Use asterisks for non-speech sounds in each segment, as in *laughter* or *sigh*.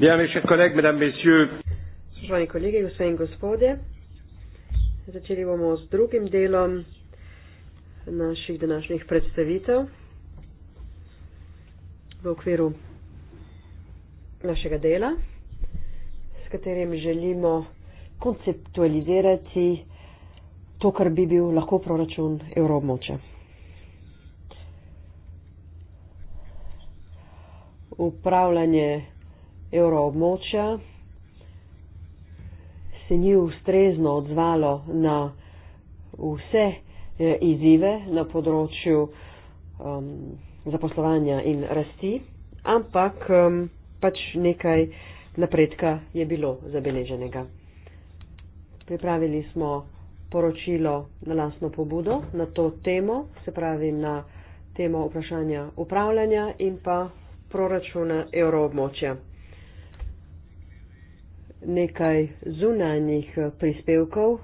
Bien, mes chers collègues, mesdames, messieurs. Spoštovani kolegi, gospe in gospodje, začeli bomo z drugim delom naših današnjih predstavitev v okviru našega dela, s katerim želimo konceptualizirati to, kar bi bil lahko proračun Evropmoče. Upravljanje evroobmočja se ni ustrezno odzvalo na vse eh, izzive na področju um, zaposlovanja in rasti, ampak um, pač nekaj napredka je bilo zabeleženega. Pripravili smo poročilo na lastno pobudo na to temo, se pravi na temo vprašanja upravljanja in pa proračuna evroobmočja nekaj zunanjih eh, prispevkov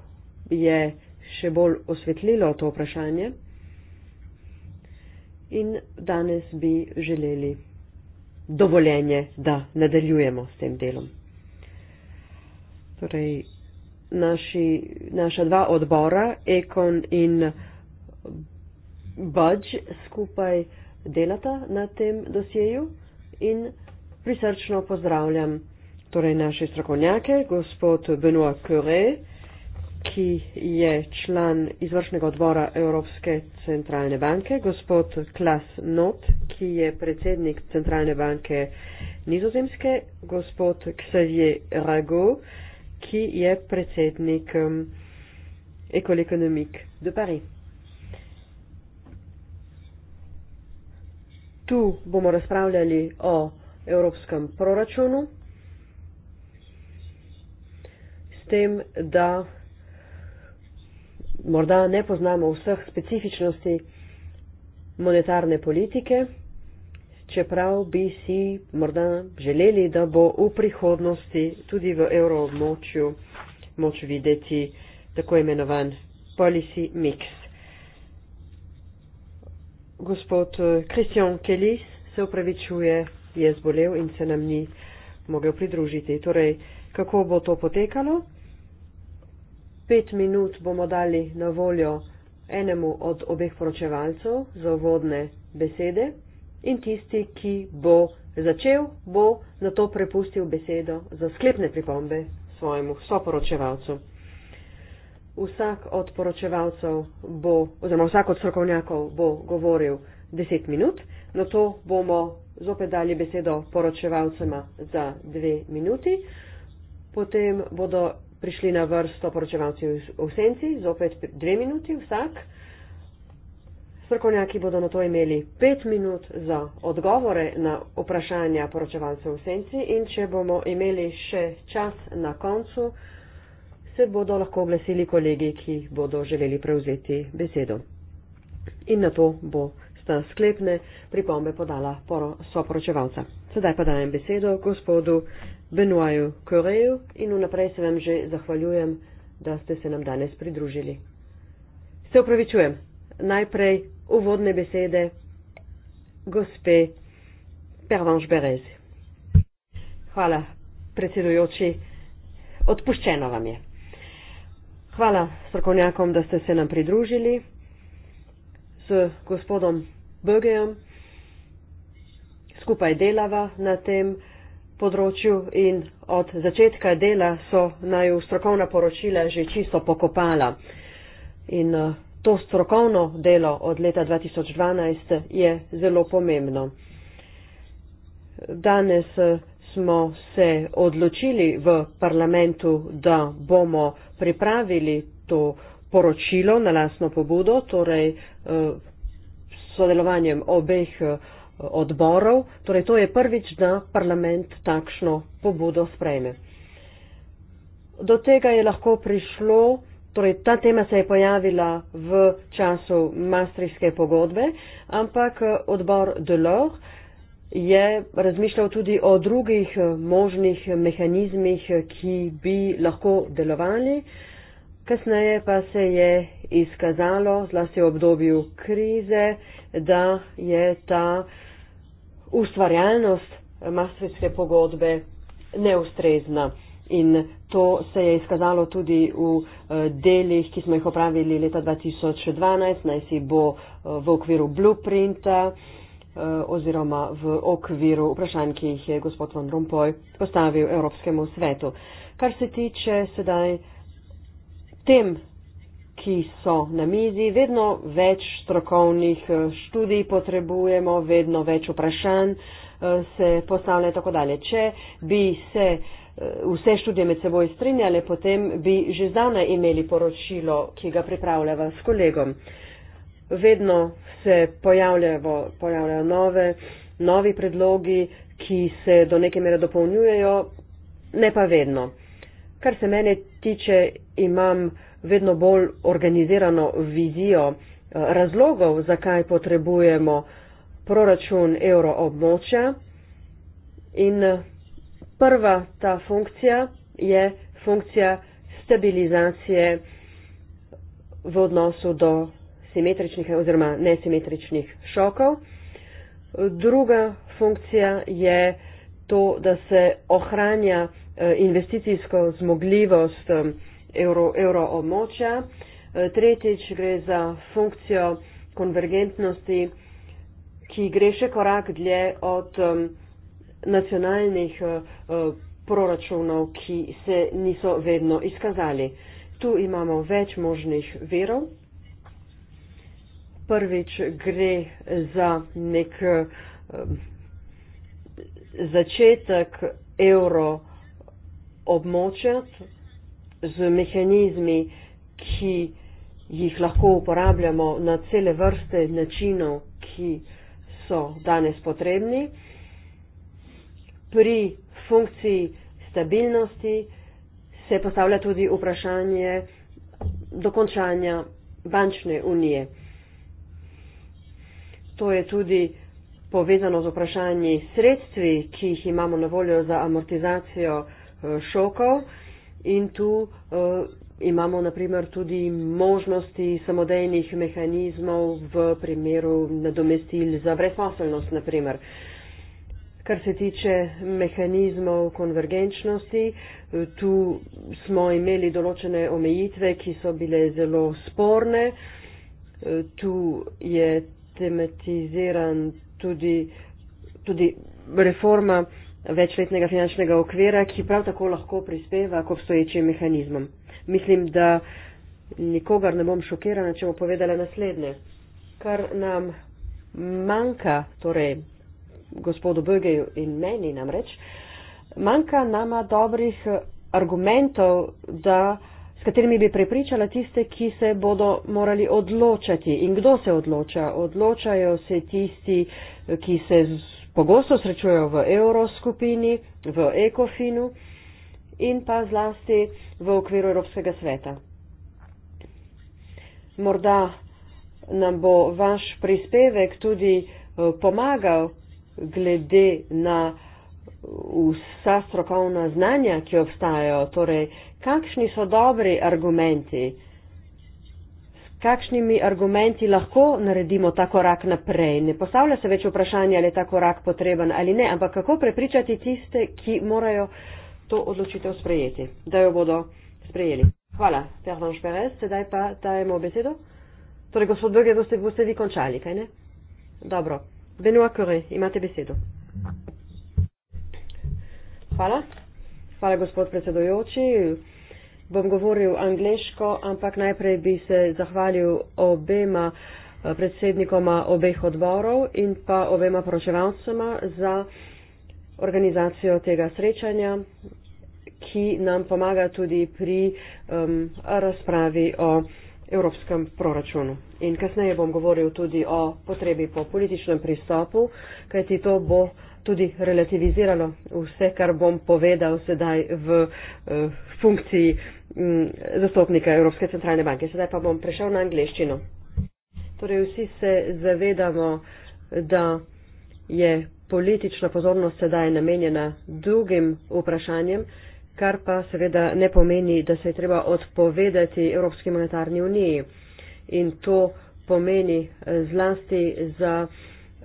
je še bolj osvetlilo to vprašanje. In danes bi želeli dovoljenje, da nadaljujemo s tem delom. Torej, naši, naša dva odbora, Ekon in Budge, skupaj delata na tem dosjeju in prisrčno pozdravljam torej naše strokovnjake, gospod Benoit Curé, ki je član izvršnega odbora Evropske centralne banke, gospod Klas Not, ki je predsednik centralne banke nizozemske, gospod Xavier Rago, ki je predsednik Ecole um, Economique de Paris. Tu bomo razpravljali o evropskem proračunu 2021-2022. tem, da morda ne poznamo vseh specifičnosti monetarne politike, čeprav bi si morda želeli, da bo v prihodnosti tudi v evroobmočju moč videti tako imenovan policy mix. Gospod eh, Christian Kelis se upravičuje, je zbolel in se nam ni mogel pridružiti. Torej, kako bo to potekalo? Pet minut bomo dali na voljo enemu od obeh poročevalcev za uvodne besede in tisti, ki bo začel, bo na to prepustil besedo za sklepne pripombe svojemu soporočevalcu. Vsak od poročevalcev bo, oziroma vsak od strokovnjakov bo govoril 10 minut, na to bomo zopet dali besedo poročevalcema za 2 minuti, potem bodo prišli na vrsto poročevalci v senci, zopet dve minuti vsak. Strokovnjaki bodo na to imeli pet minut za odgovore na vprašanja poročevalcev v senci in če bomo imeli še čas na koncu, se bodo lahko oglesili kolegi, ki bodo želeli prevzeti besedo. In na to bo sta sklepne pripombe podala poro soporočevalca. Sedaj pa dajem besedo gospodu Benoaju Koreju in vnaprej se vam že zahvaljujem, da ste se nam danes pridružili. Se upravičujem, najprej uvodne besede gospe Pervanche Berez. Hvala, predsedujoči, odpuščeno vam je. Hvala strokovnjakom, da ste se nam pridružili. S gospodom Bögejem, skupaj delava na tem področju in od začetka dela so naju strokovna poročila že čisto pokopala. In eh, to strokovno delo od leta 2012 je zelo pomembno. Danes eh, smo se odločili v parlamentu, da bomo pripravili to poročilo na lasno pobudo, torej eh, sodelovanjem obeh eh, odborov, torej to je prvič, da parlament takšno pobudo sprejme. Do tega je lahko prišlo, torej ta tema se je pojavila v času Maastrichtske pogodbe, ampak eh, odbor Delor je razmišljal tudi o drugih eh, možnih mehanizmih, ki bi lahko delovali. Kasneje pa se je izkazalo, zlasti v obdobju krize, da je ta ustvarjalnost Maastrichtske pogodbe neustrezna. In to se je izkazalo tudi v eh, delih, ki smo jih opravili leta 2012, naj si bo eh, v okviru blueprinta eh, oziroma v okviru vprašanj, ki jih je gospod Van Rompuy postavil Evropskemu svetu. Kar se tiče sedaj tem ki so na mizi, vedno več strokovnih eh, študij potrebujemo, vedno več vprašanj eh, se postavlja itd. Če bi se eh, vse študije med seboj strinjale, potem bi že zdavna imeli poročilo, ki ga pripravljava s kolegom. Vedno se pojavljajo, pojavljajo nove, novi predlogi, ki se do neke mere dopolnjujejo, ne pa vedno. Kar se mene tiče, imam vedno bolj organizirano vizijo eh, razlogov, zakaj potrebujemo proračun evroobmočja. In eh, prva ta funkcija je funkcija stabilizacije v odnosu do simetričnih oziroma nesimetričnih šokov. Druga funkcija je to, da se ohranja eh, investicijsko zmogljivost evro, evro območja. E, tretjič gre za funkcijo konvergentnosti, ki gre še korak dlje od um, nacionalnih uh, proračunov, ki se niso vedno izkazali. Tu imamo več možnih verov. Prvič gre za nek um, začetek evro območja, z mehanizmi, ki jih lahko uporabljamo na cele vrste načinov, ki so danes potrebni. Pri funkciji stabilnosti se postavlja tudi vprašanje dokončanja bančne unije. To je tudi povezano z vprašanji sredstvi, ki jih imamo na voljo za amortizacijo eh, šokov in tu uh, imamo naprimer tudi možnosti samodejnih mehanizmov v primeru nadomestil za brezposelnost naprimer. Kar se tiče mehanizmov konvergenčnosti, eh, tu smo imeli določene omejitve, ki so bile zelo sporne. Eh, tu je tematiziran tudi, tudi reforma večletnega finančnega okvira, ki prav tako lahko prispeva k obstoječim mehanizmom. Mislim, da nikogar ne bom šokirana, če bo povedala naslednje. Kar nam manjka, torej gospodu Bögeju in meni namreč, manjka nama dobrih argumentov, da, s katerimi bi prepričala tiste, ki se bodo morali odločati. In kdo se odloča? Odločajo se tisti, ki se z pogosto srečujejo v evroskupini, v ekofinu in pa zlasti v okviru Evropskega sveta. Morda nam bo vaš prispevek tudi eh, pomagal glede na vsa strokovna znanja, ki obstajajo, torej kakšni so dobri argumenti kakšnimi argumenti lahko naredimo ta korak naprej. Ne postavlja se več vprašanje, ali je ta korak potreben ali ne, ampak kako prepričati tiste, ki morajo to odločitev sprejeti, da jo bodo sprejeli. Hvala, Pervan Šperez, sedaj pa dajemo besedo. Torej, gospod Brge, boste, boste vi končali, kaj ne? Dobro. Benoit Curie, imate besedo. Hvala. Hvala, gospod predsedojoči bom govoril angliško, ampak najprej bi se zahvalil obema eh, predsednikoma obeh odborov in pa obema poročevalcema za organizacijo tega srečanja, ki nam pomaga tudi pri um, razpravi o evropskem proračunu. In kasneje bom govoril tudi o potrebi po političnem pristopu, kajti to bo tudi relativiziralo vse, kar bom povedal sedaj v uh, funkciji um, zastopnika Evropske centralne banke. Sedaj pa bom prešel na angliščino. Torej vsi se zavedamo, da je politična pozornost sedaj namenjena drugim vprašanjem, kar pa seveda ne pomeni, da se je treba odpovedati Evropski monetarni uniji. In to pomeni zlasti za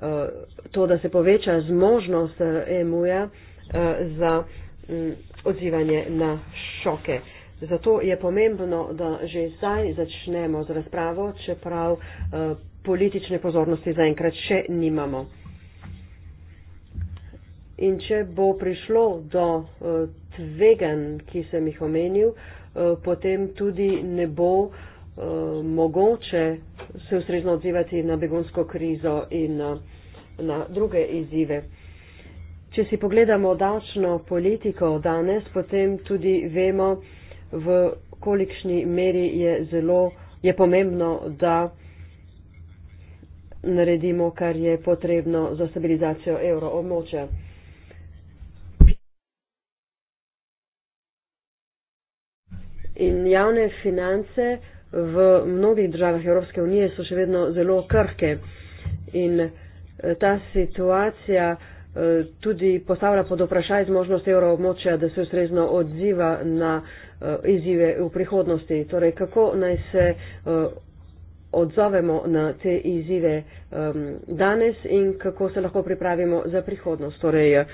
Eh, to, da se poveča zmožnost emuja eh, eh, za mm, odzivanje na šoke. Zato je pomembno, da že zdaj začnemo z razpravo, čeprav politične pozornosti zaenkrat še nimamo. In če bo prišlo do tvegan, ki sem jih omenil, potem tudi ne bo mogoče se ustrezno odzivati na begunsko krizo in eh, na druge izzive. Če si pogledamo davčno politiko danes, potem tudi vemo, v kolikšni meri je zelo je pomembno, da naredimo, kar je potrebno za stabilizacijo evroobmočja. In javne finance v mnogih državah Evropske unije so še vedno zelo krhke in eh, ta situacija eh, tudi postavlja pod vprašaj zmožnost evroobmočja, da se ustrezno odziva na eh, izzive v prihodnosti. Torej, kako naj se odzovemo na te izzive ehm, danes in kako se lahko pripravimo za prihodnost. Torej,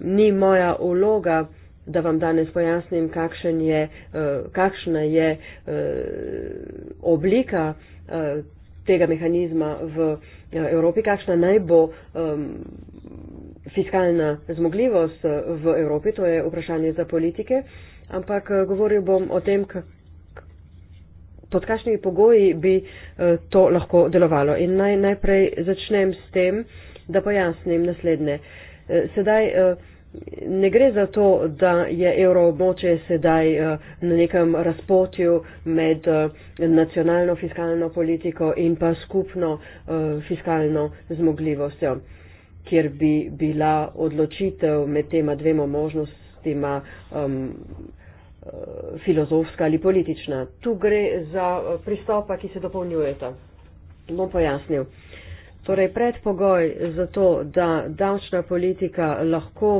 ni moja vloga, da vam danes pojasnim, kakšen je, eh, kakšna je eh, oblika eh, tega mehanizma v Evropi, kakšna naj bo fiskalna zmogljivost v Evropi, to je vprašanje za politike, ampak govoril bom o tem, pod kakšnimi pogoji bi to lahko delovalo. In naj, najprej začnem s tem, da pojasnim naslednje. Sedaj Ne gre za to, da je evroobmočje sedaj eh, na nekem razpotju med eh, nacionalno fiskalno politiko in pa skupno eh, fiskalno zmogljivostjo, kjer bi bila odločitev med tema dvema možnostima um, filozofska ali politična. Tu gre za pristopa, ki se dopolnjujeta. Bom pojasnil. Torej, predpogoj za to, da davčna politika lahko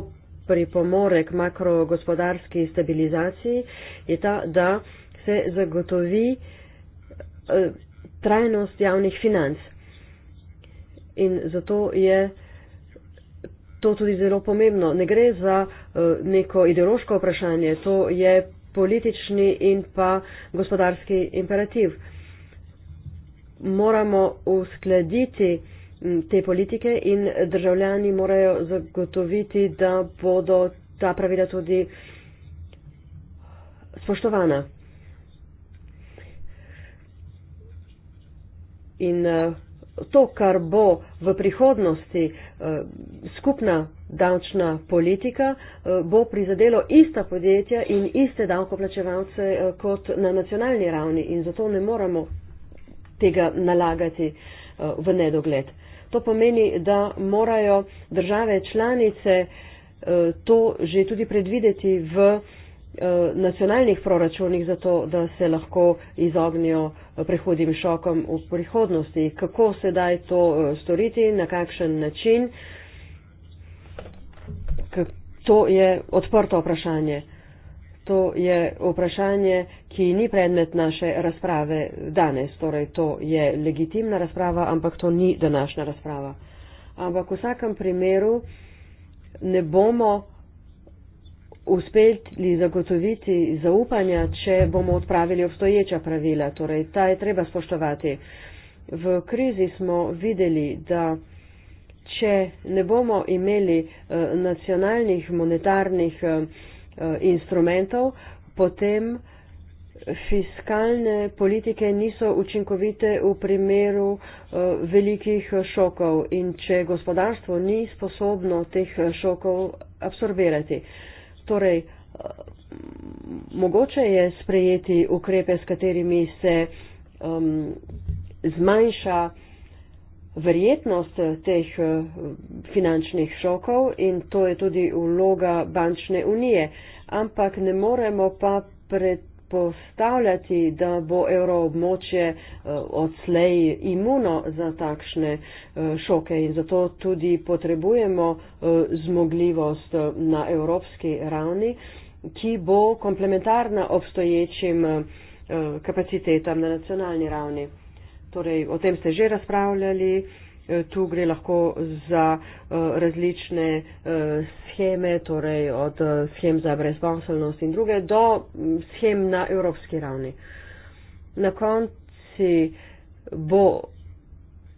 pripomore k makrogospodarski stabilizaciji, je ta, da se zagotovi eh, trajnost javnih financ. In zato je to tudi zelo pomembno. Ne gre za eh, neko ideološko vprašanje, to je politični in pa gospodarski imperativ. Moramo uskladiti te politike in državljani morajo zagotoviti, da bodo ta pravila tudi spoštovana. In e, to, kar bo v prihodnosti e, skupna davčna politika, e, bo prizadelo ista podjetja in iste davkoplačevalce kot na nacionalni ravni in zato ne moramo tega nalagati v nedogled. To pomeni, da morajo države članice eh, to že tudi predvideti v eh, nacionalnih proračunih, zato da se lahko izognijo eh, prehodim šokom v prihodnosti. Kako sedaj to storiti, na kakšen način, to je odprto vprašanje. To je vprašanje, ki ni predmet naše razprave danes. Torej, to je legitimna razprava, ampak to ni današnja razprava. Ampak v vsakem primeru ne bomo uspeli zagotoviti zaupanja, če bomo odpravili obstoječa pravila. Torej, ta je treba spoštovati. V krizi smo videli, da. Če ne bomo imeli eh, nacionalnih monetarnih eh, Eh, instrumentov, potem fiskalne politike niso učinkovite v primeru eh, velikih eh, šokov in če gospodarstvo ni sposobno teh šokov absorbirati. Torej, mogoče je sprejeti ukrepe, s katerimi se um, zmanjša verjetnost eh, teh eh, finančnih šokov in to je tudi vloga bančne unije. Ampak ne moremo pa predpostavljati, da bo evroobmočje eh, odslej imuno za takšne šoke in zato tudi potrebujemo zmogljivost na evropski ravni, ki bo komplementarna obstoječim kapacitetam na nacionalni ravni torej o tem ste že razpravljali, e, tu gre lahko za e, različne e, scheme, torej od schem za brezposobnost in druge do schem na evropski ravni. Na konci bo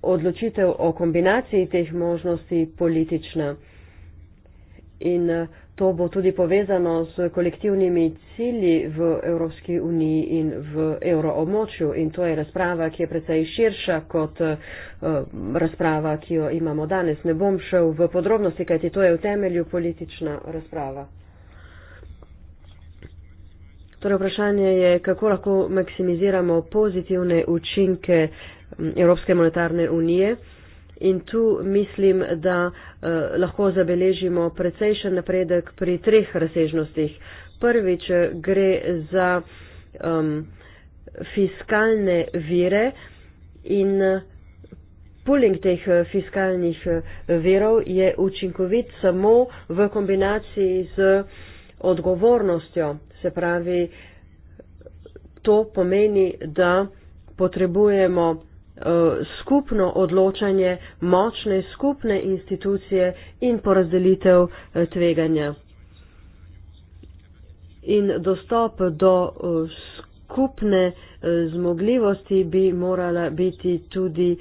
odločitev o kombinaciji teh možnosti politična. In uh, To bo tudi povezano s kolektivnimi cilji v Evropski uniji in v euroomočju in to je razprava, ki je precej širša kot eh, razprava, ki jo imamo danes. Ne bom šel v podrobnosti, kajti to je v temelju politična razprava. Torej vprašanje je, kako lahko maksimiziramo pozitivne učinke mm, Evropske monetarne unije in tu mislim, da eh, lahko zabeležimo precejšen napredek pri treh razsežnostih. Prvič eh, gre za um, fiskalne vire in eh, Puling teh eh, fiskalnih verov je učinkovit samo v kombinaciji z odgovornostjo. Se pravi, to pomeni, da potrebujemo Eh, skupno odločanje, močne skupne institucije in porazdelitev eh, tveganja. In dostop do eh, skupne zmogljivosti bi morala biti tudi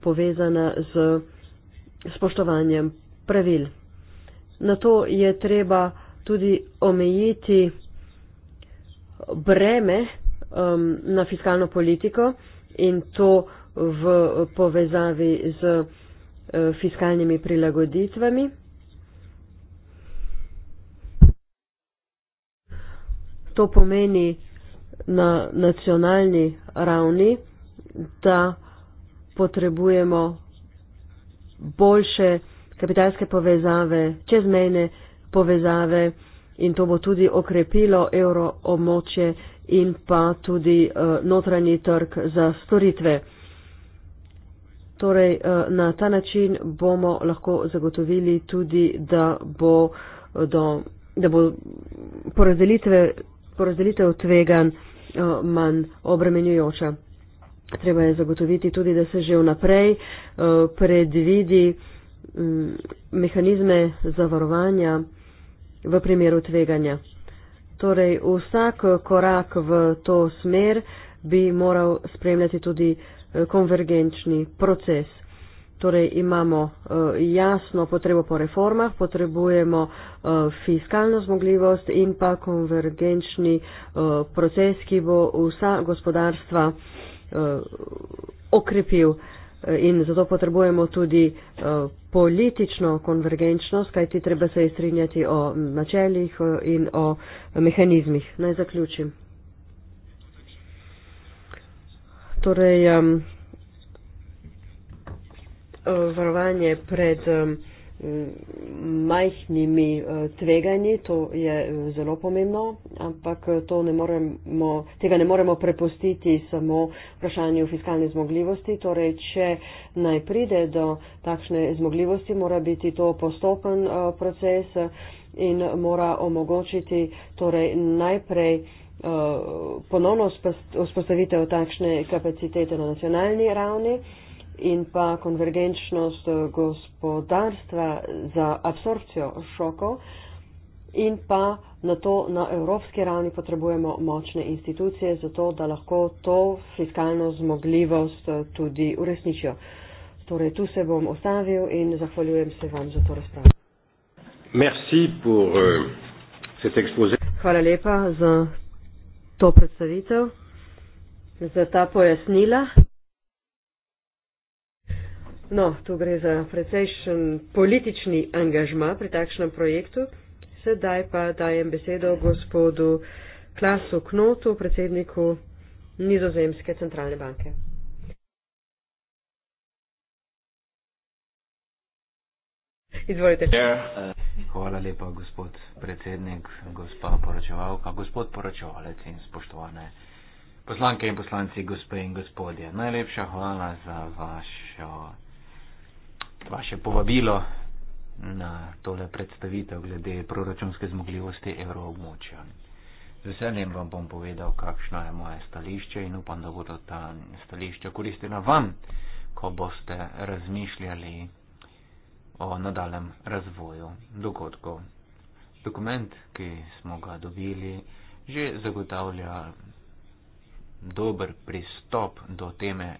povezana z spoštovanjem pravil. Na to je treba tudi omejiti breme um, na fiskalno politiko in to uh, v povezavi z eh, fiskalnimi prilagoditvami. To pomeni na nacionalni ravni, da potrebujemo boljše kapitalske povezave, čezmejne povezave in to bo tudi okrepilo evro območje in pa tudi eh, notranji trg za storitve. Torej, eh, na ta način bomo lahko zagotovili tudi, da bo, eh, do, da bo porazdelitev tvegan eh, manj obremenjujoča. Treba je zagotoviti tudi, da se že vnaprej predvidi mm, mehanizme zavarovanja v primeru tveganja. Torej, vsak korak v to smer bi moral spremljati tudi Eh, konvergenčni proces. Torej imamo eh, jasno potrebo po reformah, potrebujemo eh, fiskalno zmogljivost in pa konvergenčni proces, ki bo vsa gospodarstva okrepil. In zato potrebujemo tudi politično konvergenčnost, kajti treba se je strinjati o načeljih in o mehanizmih. Naj zaključim. torej um, varovanje pred um, majhnimi uh, tveganji, to je uh, zelo pomembno, ampak uh, to ne moremo, tega ne moremo prepustiti samo vprašanju fiskalne zmogljivosti. Torej, če naj pride do takšne zmogljivosti, mora biti to postopen uh, proces in mora omogočiti torej, najprej uh, Eh, ponovno vzpostavitev takšne kapacitete na nacionalni ravni in pa konvergenčnost eh, gospodarstva za absorpcijo šokov in pa na to na evropski ravni potrebujemo močne institucije, zato da lahko to fiskalno zmogljivost eh, tudi uresničijo. Torej, tu se bom ostavil in zahvaljujem se vam za to razpravo. Merci pour, uh, cet Hvala lepa za to predstavitev, za ta pojasnila. No, tu gre za precejšen politični angažma pri takšnem projektu. Sedaj pa dajem besedo gospodu Klasu Knotu, predsedniku Nizozemske centralne banke. Izvolite. Ja. Hvala lepa, gospod predsednik, gospa poročevalka, gospod poročevalec in spoštovane poslanke in poslanci, gospe in gospodje. Najlepša hvala za vašo, vaše povabilo na tole predstavitev glede proračunske zmogljivosti evroobmočja. Z veseljem vam bom povedal, kakšno je moje stališče in upam, da bodo ta stališča koristila vam, ko boste razmišljali o nadaljem razvoju dogodkov. Dokument, ki smo ga dobili, že zagotavlja dober pristop do teme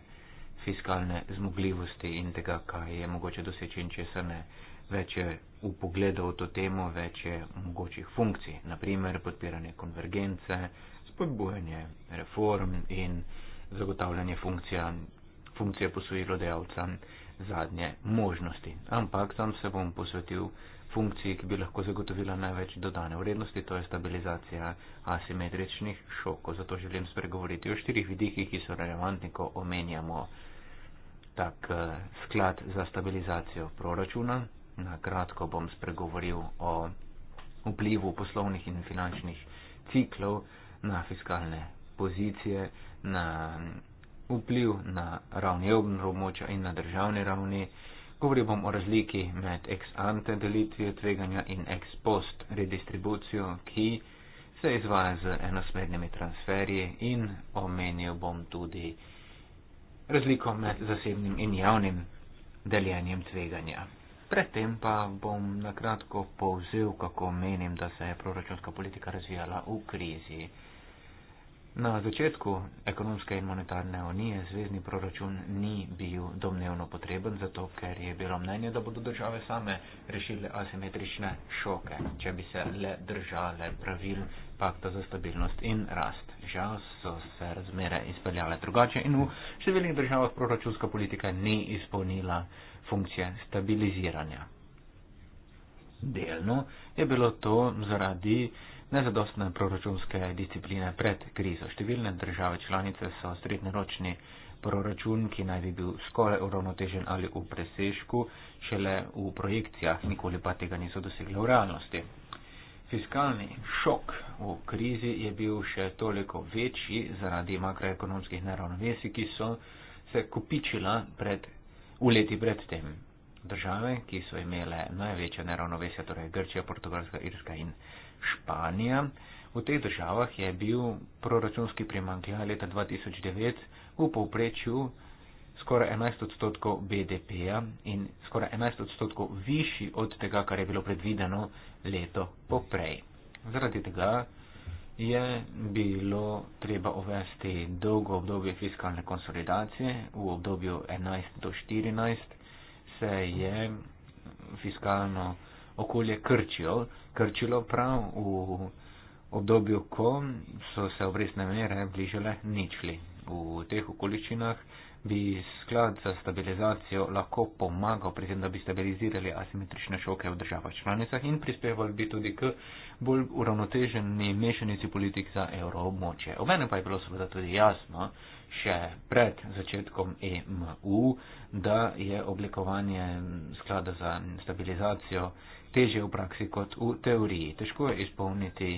fiskalne zmogljivosti in tega, kaj je mogoče doseči in če se ne več je v pogledu v to temo, več je mogočih funkcij, naprimer podpiranje konvergence, spodbujanje reform in zagotavljanje funkcija, funkcije posojilodajalca zadnje možnosti. Ampak tam se bom posvetil funkciji, ki bi lahko zagotovila največ dodane vrednosti, to je stabilizacija asimetričnih šokov. Zato želim spregovoriti o štirih vidikih, ki so relevantni, ko omenjamo tak eh, sklad za stabilizacijo proračuna. Na kratko bom spregovoril o vplivu poslovnih in finančnih ciklov na fiskalne pozicije, na vpliv na ravni evropskega območja in na državni ravni. Govoril bom o razliki med ex ante delitvijo tveganja in ex post redistribucijo, ki se izvaja z enosmernimi transferji in omenil bom tudi razliko med zasebnim in javnim deljenjem tveganja. Predtem pa bom nakratko povzel, kako menim, da se je proračunska politika razvijala v krizi. Na začetku ekonomske in monetarne unije zvezdni proračun ni bil domnevno potreben, zato ker je bilo mnenje, da bodo države same rešile asimetrične šoke, če bi se le držale pravil pakta za stabilnost in rast. Žal so se razmere izpeljale drugače in v številnih državah proračunska politika ni izpolnila funkcije stabiliziranja. Delno je bilo to zaradi nezadostne proračunske discipline pred krizo. Številne države članice so srednjeročni proračun, ki naj bi bil skoraj uravnotežen ali v presežku, šele v projekcijah, nikoli pa tega niso dosegli v realnosti. Fiskalni šok v krizi je bil še toliko večji zaradi makroekonomskih neravnovesij, ki so se kopičila pred, v leti predtem. Države, ki so imele največje neravnovesja, torej Grčija, Portugalska, Irska in Slovenija, Španija. V teh državah je bil proračunski primankljaj leta 2009 v povprečju skoraj 11 odstotkov BDP-ja in skoraj 11 odstotkov višji od tega, kar je bilo predvideno leto poprej. Zaradi tega je bilo treba uvesti dolgo obdobje fiskalne konsolidacije. V obdobju 11 do 14 se je fiskalno okolje krčilo krčilo prav v obdobju, ko so se obrestne mere bližale ničli. V teh okoliščinah bi sklad za stabilizacijo lahko pomagal pri tem, da bi stabilizirali asimetrične šoke v državah članicah in prispevali bi tudi k bolj uravnoteženi mešanici politik za evroobmočje. Obene pa je bilo seveda tudi jasno, še pred začetkom EMU, da je oblikovanje sklada za stabilizacijo teže v praksi kot v teoriji. Težko je izpolniti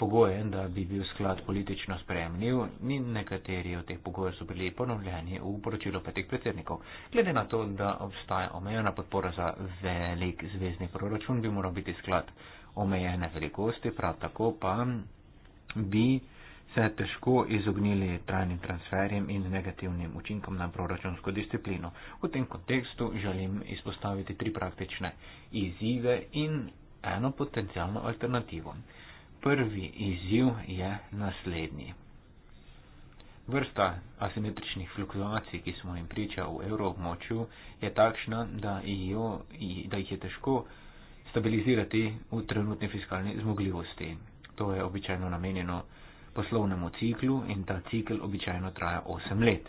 pogoje, da bi bil sklad politično spremljiv in nekateri od teh pogojev so bili ponovljeni v poročilu petih predsednikov. Glede na to, da obstaja omejena podpora za velik zvezdni proračun, bi moral biti sklad omejene velikosti, prav tako pa bi se težko izognili trajnim transferjem in negativnim učinkom na proračunsko disciplino. V tem kontekstu želim izpostaviti tri praktične izzive in eno potencijalno alternativo. Prvi izziv je naslednji. Vrsta asimetričnih fluktuacij, ki smo jim priča v evroobmočju, je takšna, da, jo, da jih je težko stabilizirati v trenutni fiskalni zmogljivosti. To je običajno namenjeno poslovnemu ciklu in ta cikl običajno traja 8 let.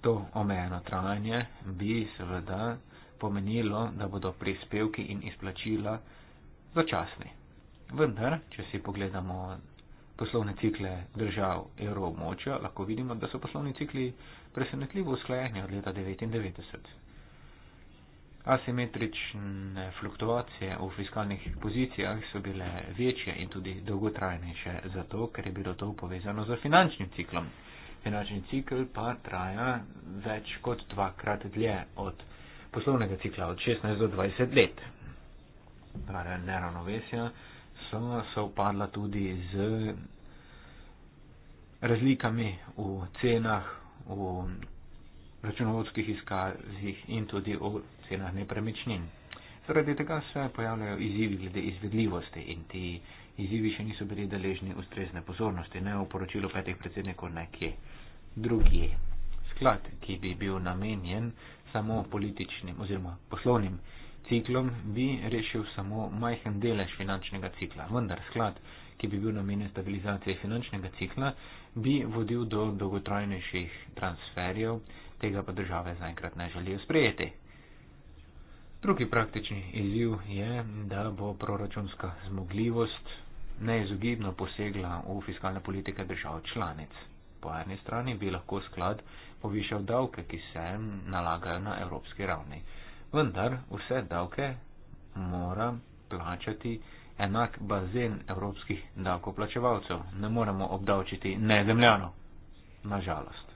To omejeno trajanje bi seveda pomenilo, da bodo prispevki in izplačila začasni. Vendar, če si pogledamo poslovne cikle držav evroobmočja, lahko vidimo, da so poslovni cikli presenetljivo usklajeni od leta 1999. Asimetrične fluktuacije v fiskalnih pozicijah so bile večje in tudi dolgotrajnejše, zato ker je bilo to povezano z finančnim ciklom. Finančni cikl pa traja več kot dvakrat dlje od poslovnega cikla, od 16 do 20 let. Prave neravnovesja so se upadla tudi z razlikami v cenah, v računovodskih izkazih in tudi v cenah nepremičnin. Zaradi tega se pojavljajo izzivi glede izvedljivosti in ti izzivi še niso bili deležni ustrezne pozornosti, ne v poročilu petih predsednikov nekje drugje. Sklad, ki bi bil namenjen samo političnim oziroma poslovnim ciklom, bi rešil samo majhen delež finančnega cikla. Vendar sklad, ki bi bil namenjen stabilizaciji finančnega cikla, bi vodil do dolgotrajnejših transferjev, tega pa države zaenkrat ne želijo sprejeti. Drugi praktični izziv je, da bo proračunska zmogljivost neizogibno posegla v fiskalne politike držav članic. Po eni strani bi lahko sklad povišal davke, ki se nalagajo na evropski ravni. Vendar vse davke mora plačati enak bazen evropskih davkoplačevalcev. Ne moremo obdavčiti nezemljano. Nažalost.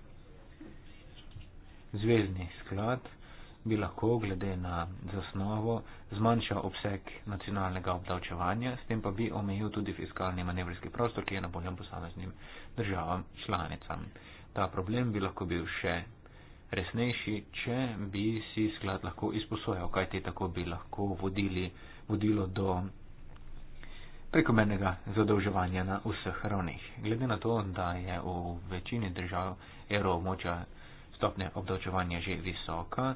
Zvezdni sklad bi lahko glede na zasnovo zmanjšal obseg nacionalnega obdavčevanja, s tem pa bi omejil tudi fiskalni manevrski prostor, ki je na boljem posameznim državam članicam. Ta problem bi lahko bil še resnejši, če bi si sklad lahko izposojal, kaj te tako bi lahko vodili, vodilo do prekomernega zadolževanja na vseh ravneh. Glede na to, da je v večini držav evroobmoča stopnja obdavčevanja že visoka,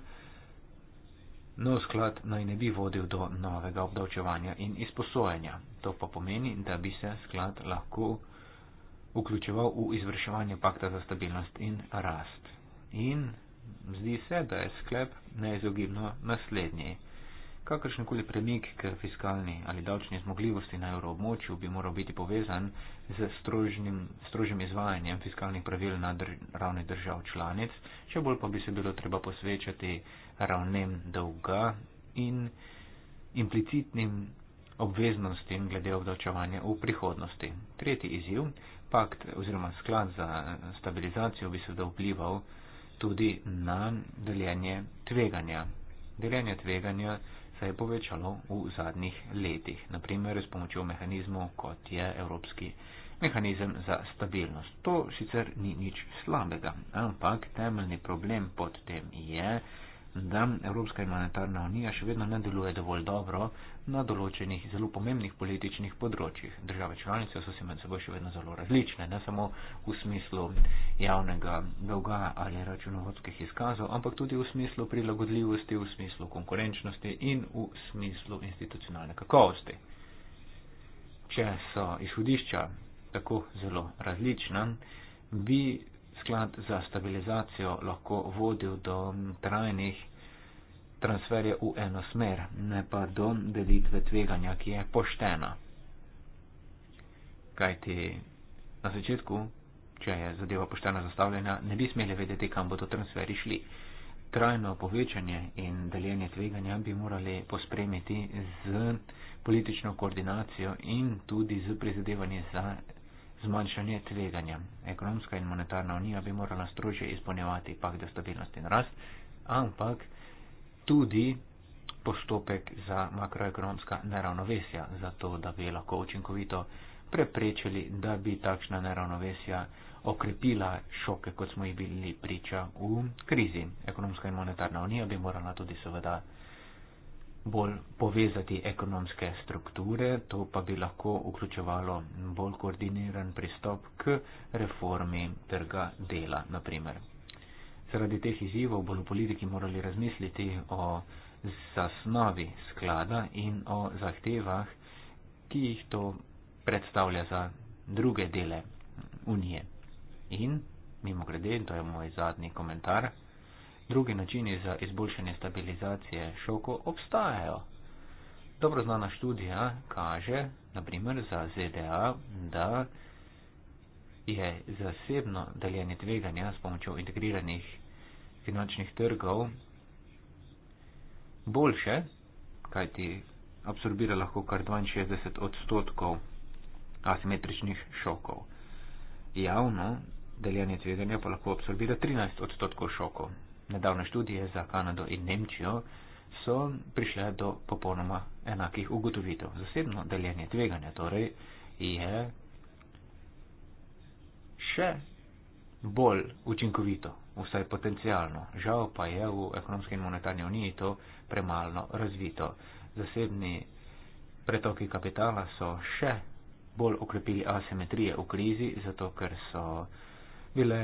Nov sklad naj ne bi vodil do novega obdavčevanja in izposojanja. To pa pomeni, da bi se sklad lahko vključeval v izvrševanje pakta za stabilnost in rast. In zdi se, da je sklep neizogibno naslednji. Kakršenkoli premik k fiskalni ali davčni zmogljivosti na evroobmočju bi moral biti povezan z strožnim, strožnim izvajanjem fiskalnih pravil na dr ravni držav članic, še bolj pa bi se bilo treba posvečati ravnem dolga in implicitnim obveznostim glede obdavčevanja v prihodnosti. Tretji izjiv, pakt oziroma sklad za stabilizacijo bi se da vplival tudi na deljenje tveganja. Deljenje tveganja se je povečalo v zadnjih letih, naprimer s pomočjo mehanizmov, kot je Evropski mehanizem za stabilnost. To sicer ni nič slabega, ampak temeljni problem pod tem je, da da Evropska monetarna unija še vedno ne deluje dovolj dobro na določenih zelo pomembnih političnih področjih. Države članice so se med seboj še vedno zelo različne, ne samo v smislu javnega dolga ali računovodskih izkazov, ampak tudi v smislu prilagodljivosti, v smislu konkurenčnosti in v smislu institucionalne kakovosti. Če so izhodišča tako zelo različna, bi sklad za stabilizacijo lahko vodil do trajnih transferjev v eno smer, ne pa do delitve tveganja, ki je poštena. Kaj ti na začetku, če je zadeva poštena zastavljena, ne bi smeli vedeti, kam bodo transferi šli. Trajno povečanje in deljenje tveganja bi morali pospremiti z politično koordinacijo in tudi z prizadevanjem za zmanjšanje tveganja. Ekonomska in monetarna unija bi morala strože izpolnjevati pakt za stabilnost in rast, ampak tudi postopek za makroekonomska neravnovesja, zato da bi lahko učinkovito preprečili, da bi takšna neravnovesja okrepila šoke, kot smo jih bili priča v krizi. Ekonomska in monetarna unija bi morala tudi seveda bolj povezati ekonomske strukture, to pa bi lahko vključevalo bolj koordiniran pristop k reformi trga dela, naprimer. Zaradi teh izzivov bodo politiki morali razmisliti o zasnovi sklada in o zahtevah, ki jih to predstavlja za druge dele unije. In, mimo grede, to je moj zadnji komentar, Drugi načini za izboljšanje stabilizacije šoko obstajajo. Dobro znana študija kaže, naprimer za ZDA, da je zasebno deljenje tveganja s pomočjo integriranih finančnih trgov boljše, kajti absorbira lahko kar 62 odstotkov asimetričnih šokov. Javno deljenje tveganja pa lahko absorbira 13 odstotkov šokov nedavne študije za Kanado in Nemčijo so prišle do popolnoma enakih ugotovitev. Zasebno deljenje tveganja torej je še bolj učinkovito, vsaj potencijalno. Žal pa je v ekonomski in monetarni uniji to premalo razvito. Zasebni pretoki kapitala so še bolj okrepili asimetrije v krizi, zato ker so bile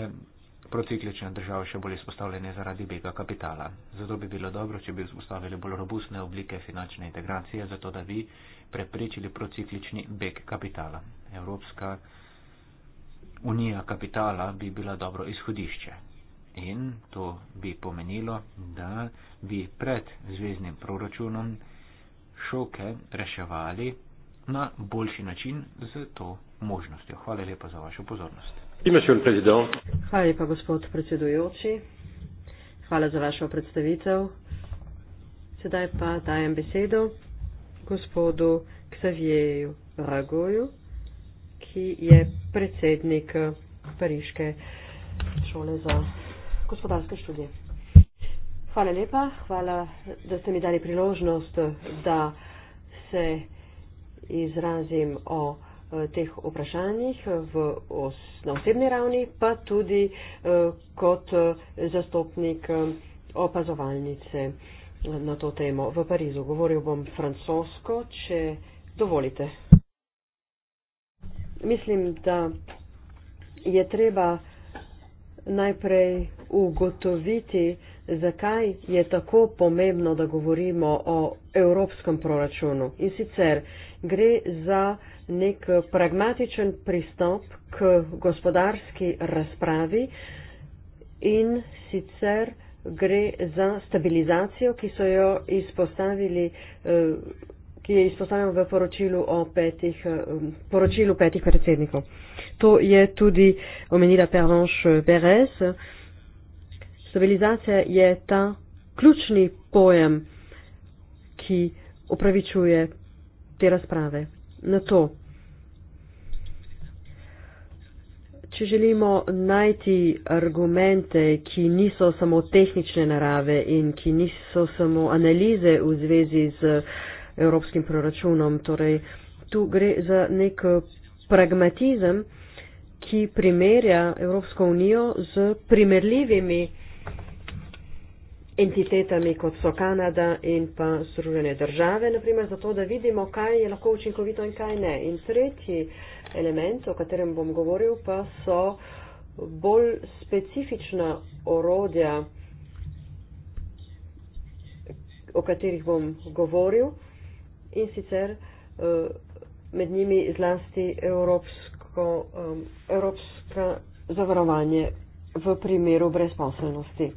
Prociklične države še bolj izpostavljene zaradi bega kapitala. Zato bi bilo dobro, če bi vzpostavili bolj robustne oblike finančne integracije, zato da bi preprečili prociklični beg kapitala. Evropska unija kapitala bi bila dobro izhodišče. In to bi pomenilo, da bi pred zvezdnim proračunom šoke reševali na boljši način z to možnostjo. Hvala lepa za vašo pozornost. Hvala lepa, gospod predsedujoči. Hvala za vašo predstavitev. Sedaj pa dajem besedo gospodu Ksavijeju Ragoju, ki je predsednik Pariške šole za gospodarske študije. Hvala lepa, hvala, da ste mi dali priložnost, da se izrazim o Eh, teh vprašanjih eh, v, os, na osebni ravni, pa tudi eh, kot zastopnik opazovalnice na to temo v Parizu. Govoril bom francosko, če dovolite. Mislim, da je treba najprej ugotoviti, zakaj je tako pomembno, da govorimo o evropskem proračunu. In sicer gre za nek pragmatičen pristop k gospodarski razpravi in sicer gre za stabilizacijo, ki so jo izpostavili, eh, ki je izpostavljeno v poročilu o petih, eh, poročilu petih predsednikov. To je tudi omenila Peranche Perez. Stabilizacija je ta ključni pojem, ki upravičuje te razprave. Na to, če želimo najti argumente, ki niso samo tehnične narave in ki niso samo analize v zvezi z evropskim proračunom, torej tu gre za nek pragmatizem, ki primerja Evropsko unijo z primerljivimi entitetami, kot so Kanada in pa Združene države, naprimer, zato da vidimo, kaj je lahko učinkovito in kaj ne. In tretji element, o katerem bom govoril, pa so bolj specifična orodja, o katerih bom govoril in sicer eh, med njimi zlasti evropsko, eh, evropska zavarovanje v primeru brezposelnosti.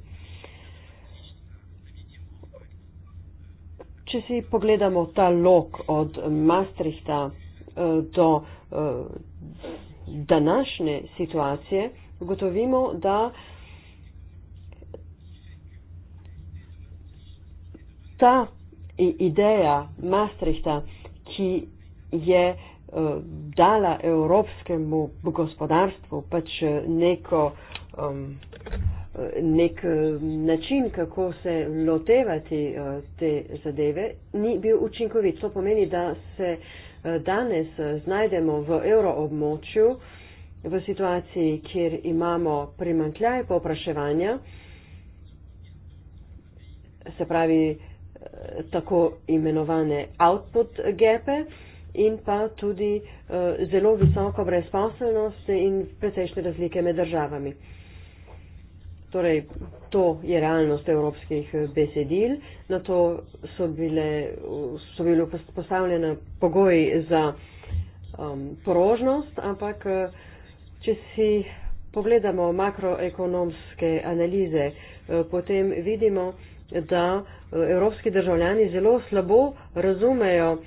če si pogledamo ta lok od Maastrichta eh, do eh, današnje situacije, ugotovimo, da ta ideja Maastrichta, ki je eh, dala evropskemu gospodarstvu pač neko um, nek eh, način, kako se lotevati eh, te zadeve, ni bil učinkovit. To pomeni, da se eh, danes znajdemo v euroobmočju v situaciji, kjer imamo primankljaj popraševanja, se pravi tako imenovane output gape in pa tudi zelo visoko brezposobnost in precejšnje razlike med državami torej to je realnost evropskih eh, besedil, na to so, bile, so bili postavljene pogoji za um, porožnost, ampak eh, če si pogledamo makroekonomske analize, eh, potem vidimo, da evropski državljani zelo slabo razumejo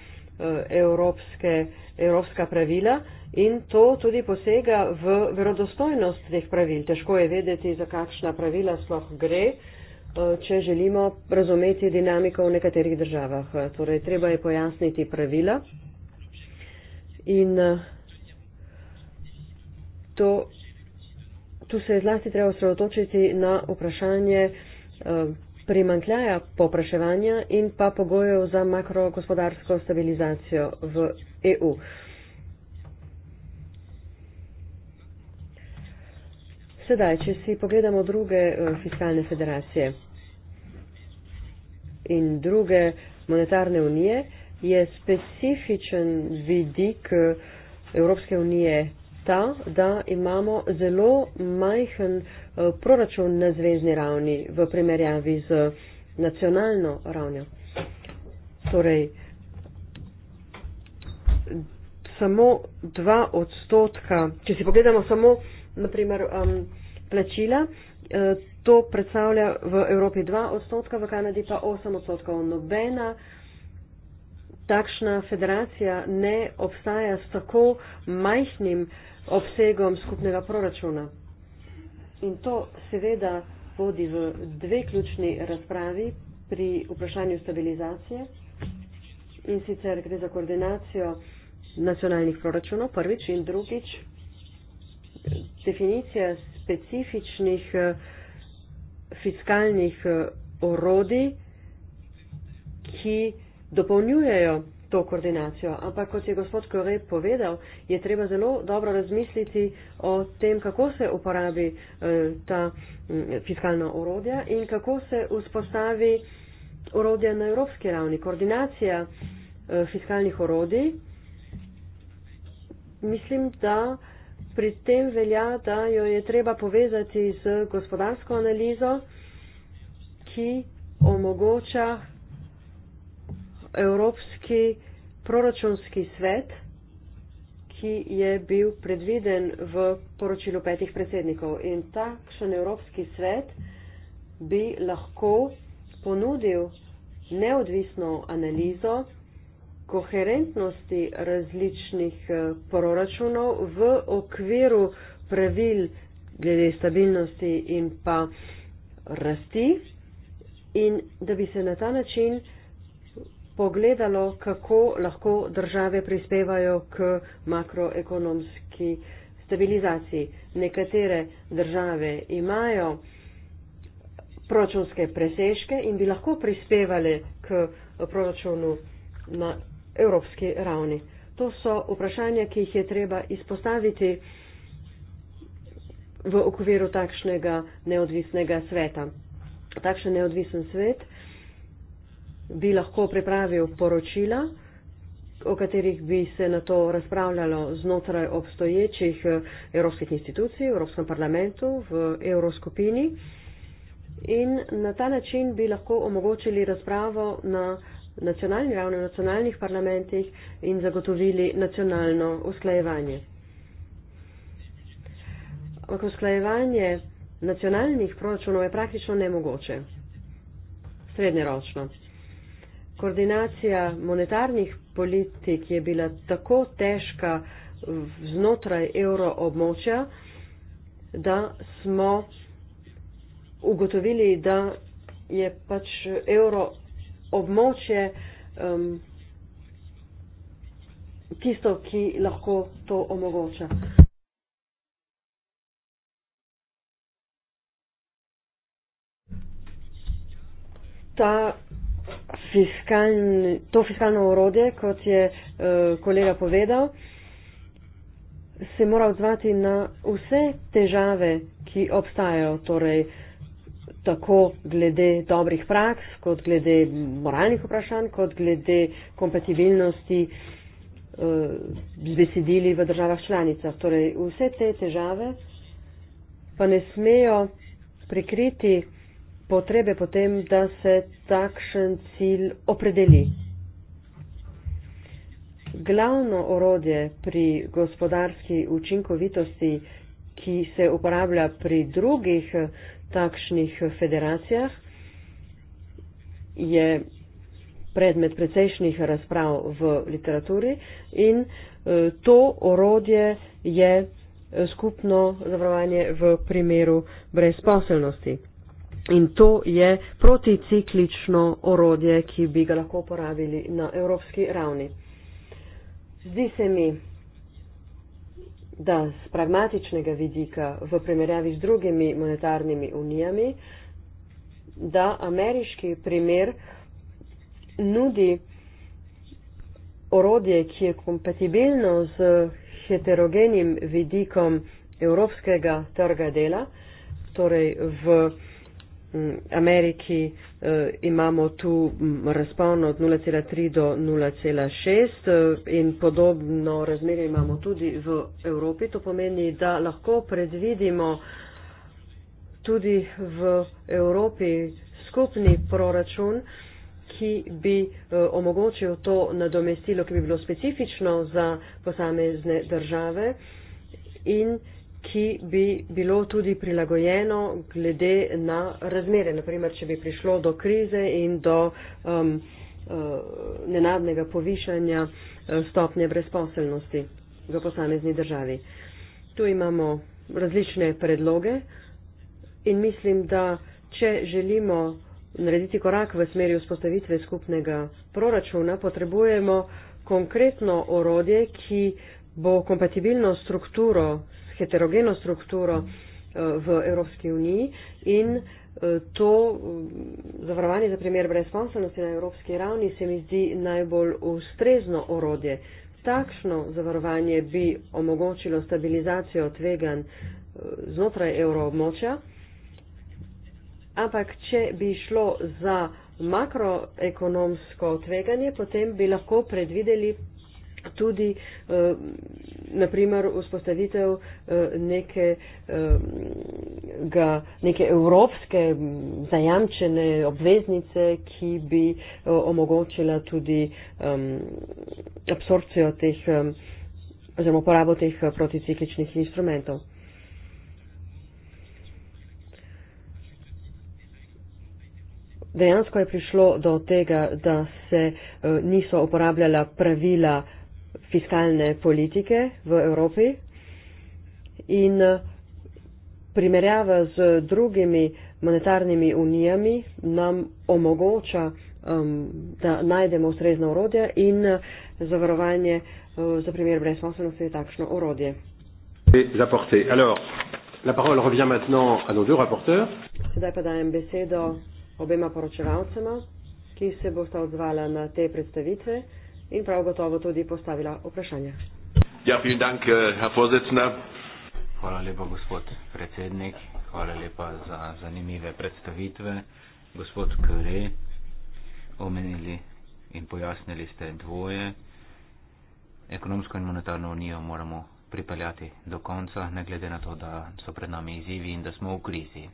evropske, evropska pravila, in to tudi posega v verodostojnost teh pravil. Težko je vedeti, za kakšna pravila sploh gre, eh, če želimo razumeti dinamiko v nekaterih državah. Torej, treba je pojasniti pravila in eh, to, tu se je zlasti treba osredotočiti na vprašanje eh, primankljaja popraševanja in pa pogojev za makrogospodarsko stabilizacijo v EU. Sedaj, če si pogledamo druge eh, fiskalne federacije in druge monetarne unije, je specifičen vidik eh, Evropske unije ta, da imamo zelo majhen eh, proračun na zvezdni ravni v primerjavi z nacionalno ravnjo. Torej, samo dva odstotka, če si pogledamo samo, naprimer, um, plačila. E, to predstavlja v Evropi 2 odstotka, v Kanadi pa 8 odstotkov. Nobena takšna federacija ne obstaja s tako majhnim obsegom skupnega proračuna. In to seveda vodi v dve ključni razpravi pri vprašanju stabilizacije in sicer gre za koordinacijo nacionalnih proračunov prvič in drugič definicija specifičnih eh, fiskalnih eh, orodij, ki dopolnjujejo to koordinacijo. Ampak, kot je gospod Kore povedal, je treba zelo dobro razmisliti o tem, kako se uporabi eh, ta mm, fiskalna orodja in kako se vzpostavi orodja na evropski ravni. Koordinacija fiskalnih orodij, mislim, da pri tem velja, da jo je treba povezati z gospodarsko analizo, ki omogoča Evropski proračunski svet, ki je bil predviden v poročilu petih predsednikov. In takšen Evropski svet bi lahko ponudil neodvisno analizo, koherentnosti različnih eh, proračunov v okviru pravil glede stabilnosti in pa rasti in da bi se na ta način pogledalo, kako lahko države prispevajo k makroekonomski stabilizaciji. Nekatere države imajo proračunske presežke in bi lahko prispevali k proračunu na evropski ravni. To so vprašanja, ki jih je treba izpostaviti v okviru takšnega neodvisnega sveta. Takšen neodvisen svet bi lahko pripravil poročila, o katerih bi se na to razpravljalo znotraj obstoječih eh, evropskih institucij, v Evropskem parlamentu, v Evroskupini in na ta način bi lahko omogočili razpravo na nacionalni ravni, v nacionalnih parlamentih in zagotovili nacionalno usklajevanje. Ampak usklajevanje nacionalnih proračunov je praktično nemogoče, srednjeročno. Koordinacija monetarnih politik je bila tako težka znotraj evroobmočja, da smo ugotovili, da je pač evro območje, um, tisto, ki lahko to omogoča. Ta fiskalni, to fiskalno orodje, kot je uh, kolega povedal, se mora odzvati na vse težave, ki obstajajo. Torej, uh, tako glede dobrih praks, kot glede moralnih vprašanj, kot glede kompatibilnosti eh, z besedili v državah članicah. Torej, vse te težave pa ne smejo prikriti potrebe potem, da se takšen cilj opredeli. Glavno orodje pri gospodarski učinkovitosti, ki se uporablja pri drugih takšnih federacijah je predmet precejšnjih razprav v literaturi in e, to orodje je skupno zavarovanje v primeru brezposelnosti. In to je proticiklično orodje, ki bi ga lahko uporabili na evropski ravni. Zdi se mi, da z pragmatičnega vidika v primerjavi z drugimi monetarnimi unijami, da ameriški primer nudi orodje, ki je kompatibilno z heterogenim vidikom evropskega trga dela, torej v Mm, Ameriki eh, imamo tu mm, razpon od 0,3 do 0,6 eh, in podobno razmerje imamo tudi v Evropi. To pomeni, da lahko predvidimo tudi v Evropi skupni proračun, ki bi eh, omogočil to nadomestilo, ki bi bilo specifično za posamezne države. In, eh, ki bi bilo tudi prilagojeno glede na razmere. Naprimer, če bi prišlo do krize in do um, uh, nenadnega povišanja uh, stopnje brezposelnosti v posamezni državi. Tu imamo različne predloge in mislim, da če želimo narediti korak v smeri vzpostavitve skupnega proračuna, potrebujemo konkretno orodje, ki bo kompatibilno strukturo heterogeno strukturo eh, v Evropski uniji in eh, to mm, zavarovanje za primer brezposobnosti na evropski ravni se mi zdi najbolj ustrezno orodje. Takšno zavarovanje bi omogočilo stabilizacijo tvegan eh, znotraj evroobmočja, ampak če bi šlo za makroekonomsko tveganje, potem bi lahko predvideli tudi naprimer vzpostavitev eh, neke, eh, neke evropske zajamčene obveznice, ki bi eh, omogočila tudi absorpcijo teh oziroma uporabo teh proticikličnih instrumentov. Dejansko je prišlo do tega, da se niso uporabljala pravila fiskalne politike v Evropi in eh, primerjava z drugimi monetarnimi unijami nam omogoča, um, da najdemo ustrezno urodje in eh, zavarovanje uh, za primer brezposobnosti je takšno urodje. La parole revient maintenant à nos deux rapporteurs. Sedaj pa dajem besedo obema poročevalcema, ki se bosta odzvala na te predstavitve in prav gotovo tudi postavila vprašanja. Ja, dank, eh, hvala lepa, gospod predsednik. Hvala lepa za zanimive predstavitve. Gospod Kore, omenili in pojasnili ste dvoje. Ekonomsko in monetarno unijo moramo pripeljati do konca, ne glede na to, da so pred nami izzivi in da smo v krizi.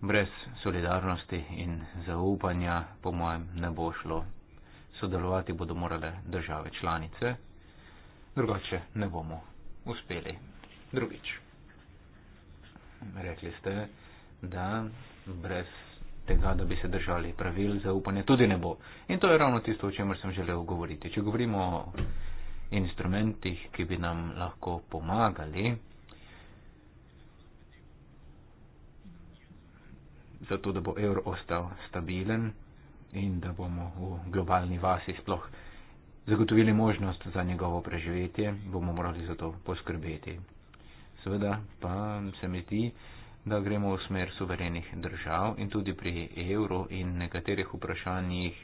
Brez solidarnosti in zaupanja, po mojem, ne bo šlo sodelovati bodo morale države članice, drugače ne bomo uspeli. Drugič, rekli ste, da brez tega, da bi se držali pravil, zaupanje tudi ne bo. In to je ravno tisto, o čemer sem želel govoriti. Če govorimo o instrumentih, ki bi nam lahko pomagali, zato da bo evro ostal stabilen, in da bomo v globalni vasi sploh zagotovili možnost za njegovo preživetje, bomo morali za to poskrbeti. Seveda pa se mi zdi, da gremo v smer suverenih držav in tudi pri evru in nekaterih vprašanjih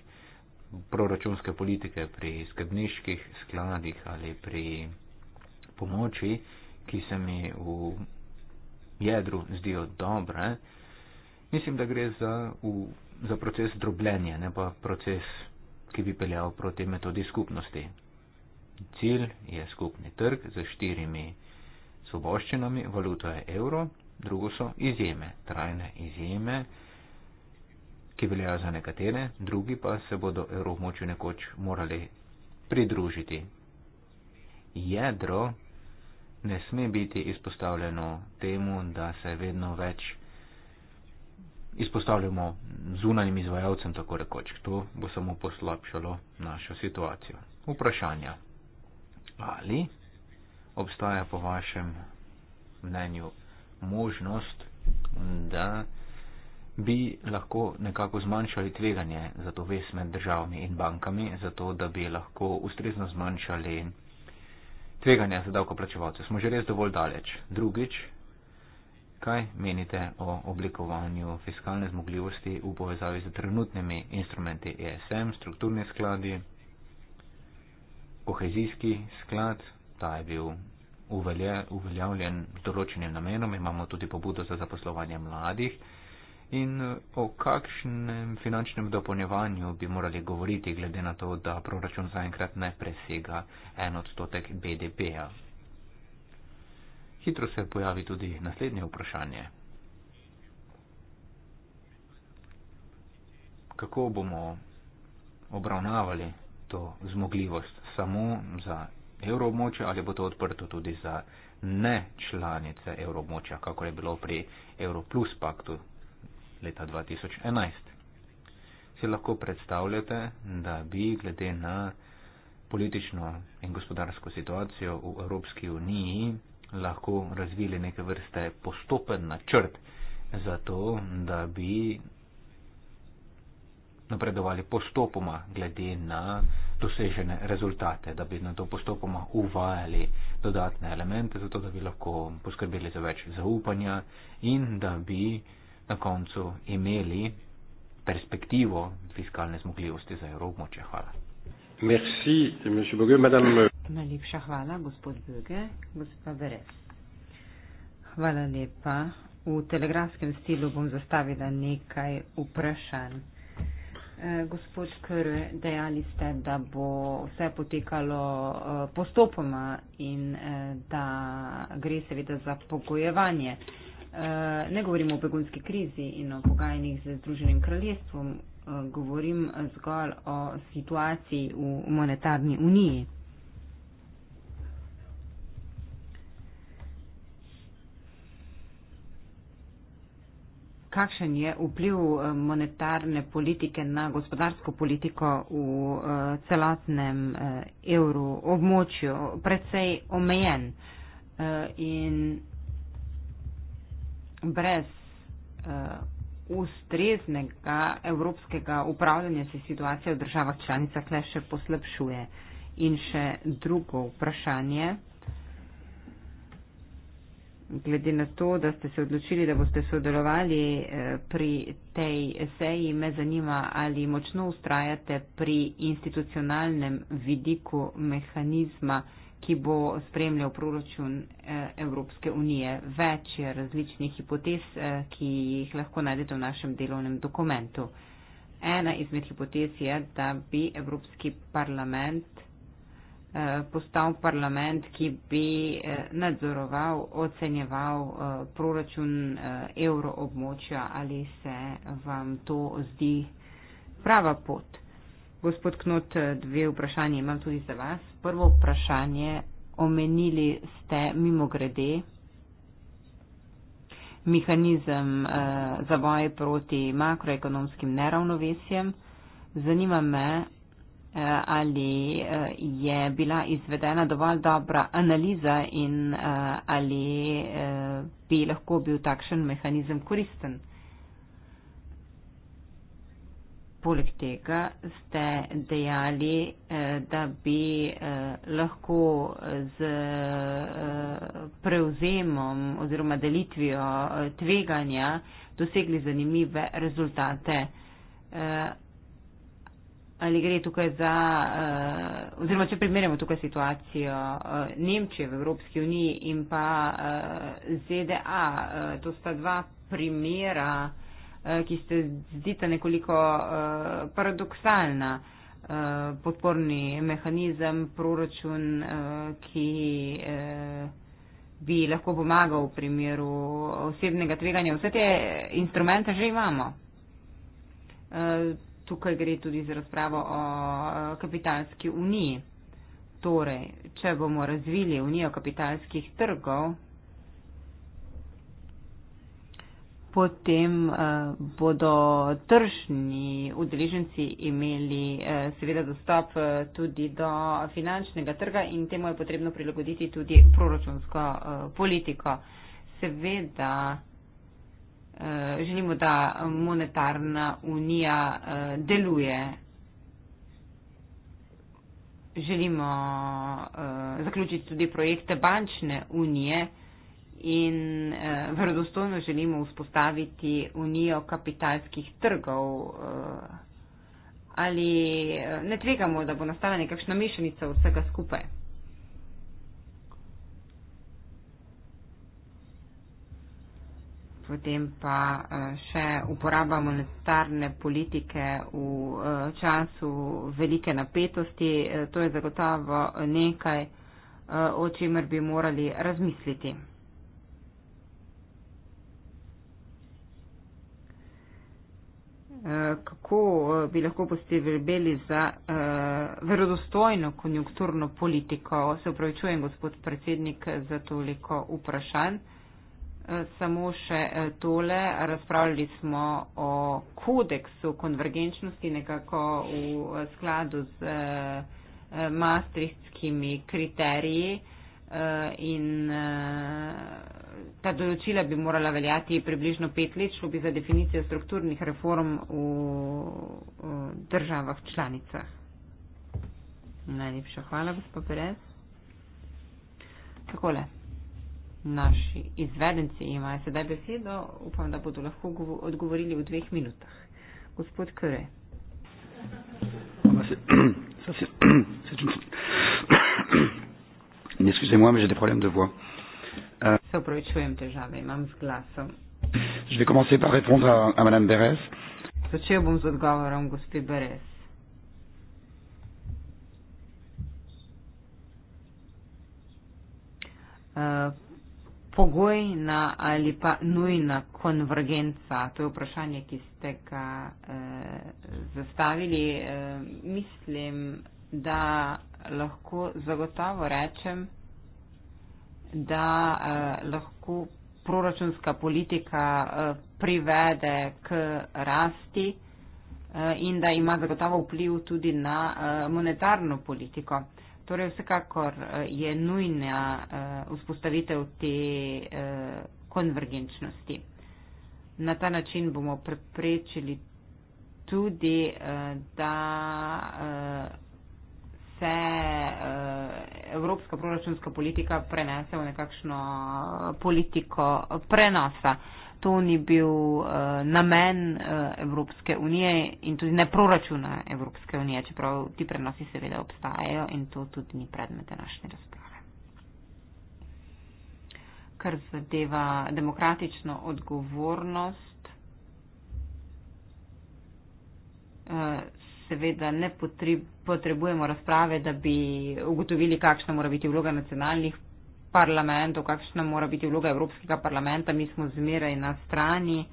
proračunske politike pri skrbniških skladih ali pri pomoči, ki se mi v jedru zdijo dobre. Mislim, da gre za v za proces drobljenja, ne pa proces, ki bi peljal proti metodi skupnosti. Cilj je skupni trg z štirimi svoboščinami, valuta je evro, drugo so izjeme, trajne izjeme, ki veljajo za nekatere, drugi pa se bodo evro v moči nekoč morali pridružiti. Jedro ne sme biti izpostavljeno temu, da se vedno več izpostavljamo zunanjim izvajalcem, tako rekoč. To bo samo poslabšalo našo situacijo. Vprašanja. Ali obstaja po vašem mnenju možnost, da bi lahko nekako zmanjšali tveganje za to ves med državami in bankami, zato da bi lahko ustrezno zmanjšali tveganja za davkoplačevalce. Smo že res dovolj daleč. Drugič, Kaj menite o oblikovanju fiskalne zmogljivosti v povezavi z trenutnimi instrumenti ESM, strukturni skladi, kohezijski sklad, ta je bil uveljavljen z določenim namenom, imamo tudi pobudo za zaposlovanje mladih in o kakšnem finančnem dopolnjevanju bi morali govoriti, glede na to, da proračun zaenkrat ne presega en odstotek BDP-ja. Hitro se pojavi tudi naslednje vprašanje. Kako bomo obravnavali to zmogljivost samo za evroobmoče ali bo to odprto tudi za ne članice evroobmoča, kako je bilo pri Europlus paktu leta 2011. Si lahko predstavljate, da bi glede na politično in gospodarsko situacijo v Evropski uniji lahko razvili neke vrste postopen načrt za to, da bi napredovali postopoma glede na dosežene rezultate, da bi na to postopoma uvajali dodatne elemente, zato da bi lahko poskrbeli za več zaupanja in da bi na koncu imeli perspektivo fiskalne zmogljivosti za Evropo. Hvala. Merci, monsieur Bogue. Madame. Euh, Najlepša hvala, gospod Bogue. Gospa Beres. Hvala lepa. V telegrafskem stilu bom zastavila nekaj vprašanj. Eh, gospod Krve, dejali ste, da bo vse potekalo eh, postopoma in eh, da gre seveda za pogojevanje. Ne govorimo o begunski krizi in o pogajanjih z Združenim kraljestvom, Eh, govorim zgolj o situaciji v monetarni uniji. Kakšen je vpliv eh, monetarne politike na gospodarsko politiko v eh, celotnem evru območju? Predvsej omejen in brez ustreznega evropskega upravljanja se situacija v državah članicah le še poslabšuje. In še drugo vprašanje. Glede na to, da ste se odločili, da boste sodelovali eh, pri tej seji, me zanima, ali močno ustrajate pri institucionalnem vidiku mehanizma, ki bo spremljal proračun eh, Evropske unije. Več je različnih hipotez, eh, ki jih lahko najdete v našem delovnem dokumentu. Ena izmed hipotez je, da bi Evropski parlament eh, postal parlament, ki bi nadzoroval, ocenjeval proračun evroobmočja, ali se vam to zdi prava pot. Gospod Knut, dve vprašanje imam tudi za vas. Prvo vprašanje, omenili ste mimo grede mehanizem eh, za boj proti makroekonomskim neravnovesjem. Zanima me, eh, ali eh, je bila izvedena dovolj dobra analiza in eh, ali eh, bi lahko bil takšen mehanizem koristen. Eh, Poleg tega ste dejali, eh, da bi eh, lahko z eh, prevzemom oziroma delitvijo tveganja dosegli zanimive rezultate. Ali gre tukaj za, oziroma če primerjamo tukaj situacijo Nemčije v Evropski uniji in pa ZDA, to sta dva primera Eh, ki ste zdita nekoliko eh, paradoksalna. Eh, podporni mehanizem, proračun, ki bi lahko pomagal v primeru osebnega tveganja. Vse te instrumente že imamo. Tukaj gre tudi za razpravo o kapitalski uniji. Torej, če bomo razvili unijo kapitalskih trgov, potem eh, bodo tržni udeleženci imeli eh, seveda dostop eh, tudi do finančnega trga in temu je potrebno prilagoditi tudi proračunsko politiko. Seveda želimo, da monetarna unija deluje. Želimo zaključiti tudi projekte bančne unije in eh, verodostojno želimo vzpostaviti unijo kapitalskih trgov. Eh, ali eh, ne tvegamo, da bo nastala nekakšna mešanica vsega skupaj? Potem pa eh, še uporaba monetarne politike v eh, času velike napetosti, to je zagotovo nekaj, o čemer bi morali razmisliti. Eh, kako eh, bi lahko postivili za uh, verodostojno konjunkturno politiko. Se upravičujem, gospod predsednik, za toliko vprašanj. Samo še tole, razpravljali smo o kodeksu konvergenčnosti nekako v skladu z uh, maastrichtskimi kriteriji. Uh, Eh, in eh, ta določila bi morala veljati približno pet let, šlo bi za definicijo strukturnih reform v državah članicah. Najlepša hvala, gospod Perez. Takole, naši izvedenci imajo sedaj besedo, upam, da bodo lahko odgovorili v dveh minutah. Gospod Kure. Se, se, se, se, Excusez-moi, mais j'ai des problèmes de voix. Euh, je vais commencer par répondre à, à Madame Beres. Eh, pogoj na ali pa nujna konvergenca, to je vprašanje, ki ste ga eh, zastavili. Eh, mislim, da lahko zagotovo rečem, da eh, lahko proračunska politika eh, privede k rasti eh, in da ima zagotovo vpliv tudi na eh, monetarno politiko. Torej vsekakor eh, je nujna eh, vzpostavitev te eh, konvergenčnosti. Na ta način bomo preprečili tudi, eh, da. Eh, se uh, evropska proračunska politika prenese v nekakšno eh, politiko prenosa. To ni bil uh, namen uh, Evropske unije in tudi ne proračuna Evropske unije, čeprav ti prenosi seveda obstajajo in to tudi ni predmet današnje razprave. Kar zadeva demokratično odgovornost. Uh, seveda ne potrebujemo razprave, da bi ugotovili, kakšna mora biti vloga nacionalnih parlamentov, kakšna mora biti vloga Evropskega parlamenta. Mi smo zmeraj na strani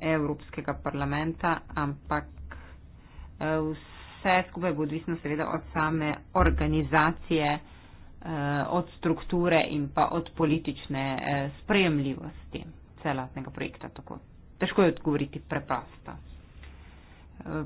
Evropskega parlamenta, ampak eh, vse skupaj bo odvisno seveda od same organizacije, eh, od strukture in pa od politične eh, sprejemljivosti celotnega projekta. Tako. Težko je odgovoriti preprosto.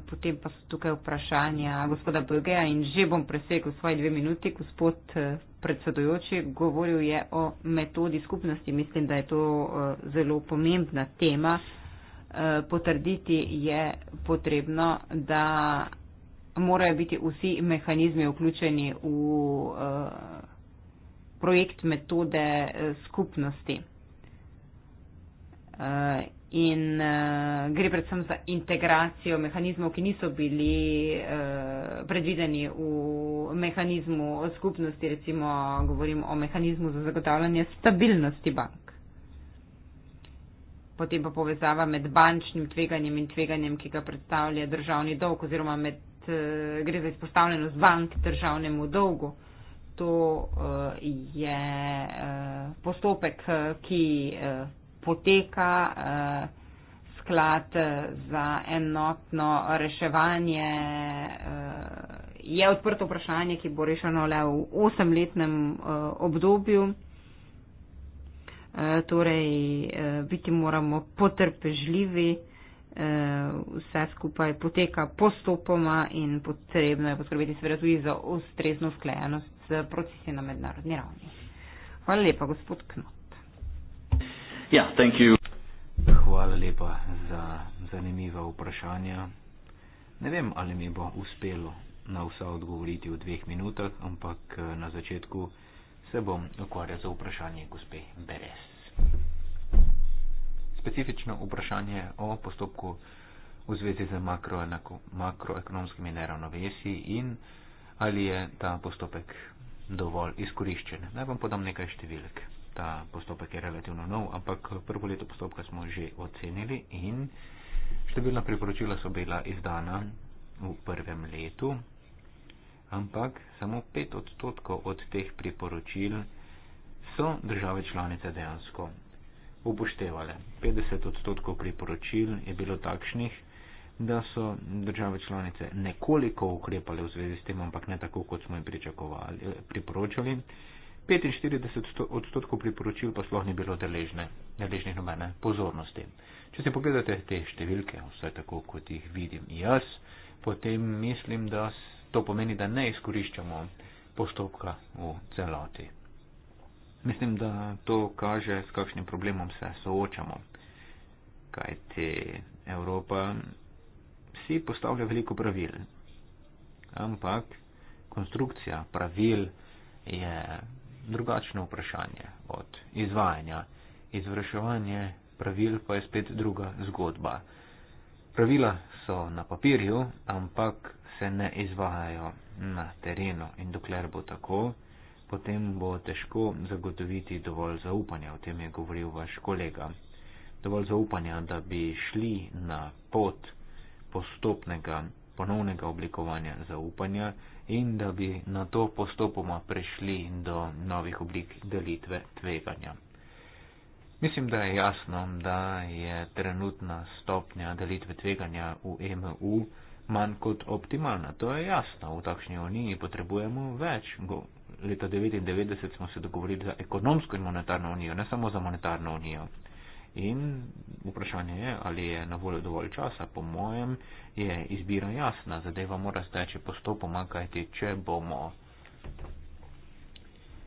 Potem pa so tukaj vprašanja gospoda Bogeja in že bom presekal svoje dve minuti. Gospod eh, predsedojoči govoril je o metodi skupnosti. Mislim, da je to eh, zelo pomembna tema. Eh, potrditi je potrebno, da morajo biti vsi mehanizmi vključeni v projekt metode skupnosti in uh, gre predvsem za integracijo mehanizmov, ki niso bili uh, predvideni v mehanizmu skupnosti, recimo govorim o mehanizmu za zagotavljanje stabilnosti bank. Potem pa povezava med bančnim tveganjem in tveganjem, ki ga predstavlja državni dolg oziroma med, uh, gre za izpostavljenost bank državnemu dolgu. To uh, je uh, postopek, ki uh, poteka eh, sklad eh, za enotno reševanje. Eh, je odprto vprašanje, ki bo rešeno le v osemletnem eh, obdobju. Eh, torej, eh, biti moramo potrpežljivi. Eh, vse skupaj poteka postopoma in potrebno je poskrbeti seveda tudi za ustrezno sklejenost s procesi na mednarodni ravni. Hvala lepa, gospod Knot. Ja, thank you. Hvala lepa za zanimiva vprašanja. Ne vem, ali mi bo uspelo na vsa odgovoriti v dveh minutah, ampak eh, na začetku se bom ukvarjal za vprašanje gospe Beres. Specifično vprašanje o postopku v zvezi z makroekonomskimi neravnovesi in ali je ta postopek dovolj izkoriščen. Naj vam podam nekaj številk ta postopek je relativno nov, ampak prvo leto postopka smo že ocenili in številna priporočila so bila izdana v prvem letu, ampak samo pet odstotkov od teh priporočil so države članice dejansko upoštevale. 50 odstotkov priporočil je bilo takšnih, da so države članice nekoliko ukrepale v zvezi s tem, ampak ne tako, kot smo jim priporočali. 45 odstotkov priporočil pa sploh ni bilo deležne, deležnih nobene pozornosti. Če se pogledate te številke, vse tako kot jih vidim jaz, potem mislim, da to pomeni, da ne izkoriščamo postopka v celoti. Mislim, da to kaže, s kakšnim problemom se soočamo, kajti Evropa si postavlja veliko pravil, ampak konstrukcija pravil je drugačno vprašanje od izvajanja. Izvrševanje pravil pa je spet druga zgodba. Pravila so na papirju, ampak se ne izvajajo na terenu in dokler bo tako, potem bo težko zagotoviti dovolj zaupanja, o tem je govoril vaš kolega. Dovolj zaupanja, da bi šli na pot postopnega ponovnega oblikovanja zaupanja in da bi na to postopoma prišli do novih oblik delitve tveganja. Mislim, da je jasno, da je trenutna stopnja delitve tveganja v EMU manj kot optimalna. To je jasno, v takšni uniji potrebujemo več. Go. Leta 1999 smo se dogovorili za ekonomsko in monetarno unijo, ne samo za monetarno unijo. In vprašanje je, ali je na voljo dovolj časa. Po mojem je izbira jasna, zadeva mora steči postopoma, kajti če bomo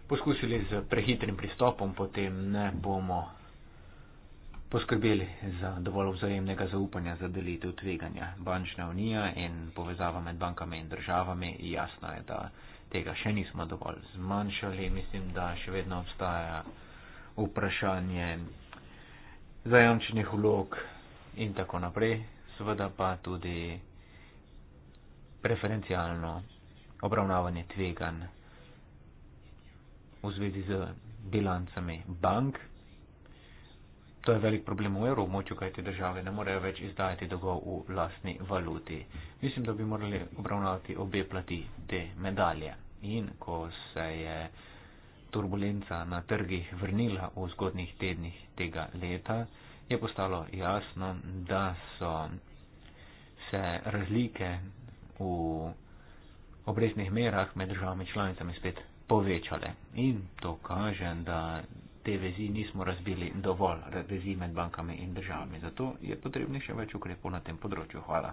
poskusili z prehitrim pristopom, potem ne bomo poskrbeli za dovolj vzajemnega zaupanja za delitev tveganja. Bančna unija in povezava med bankami in državami, jasno je, da tega še nismo dovolj zmanjšali. Mislim, da še vedno obstaja vprašanje zajamčenih vlog in tako naprej, seveda pa tudi preferencialno obravnavanje tvegan v zvezi z bilancami bank. To je velik problem v evroobmočju, kajti države ne morejo več izdajati dolgov v lastni valuti. Mislim, da bi morali obravnavati obe plati te medalje. In ko se je turbulenca na trgih vrnila v zgodnih tednih tega leta, je postalo jasno, da so se razlike v obresnih merah med državami članicami spet povečale. In to kaže, da te vezi nismo razbili dovolj, vezi med bankami in državami. Zato je potrebni še več ukrepov na tem področju. Hvala.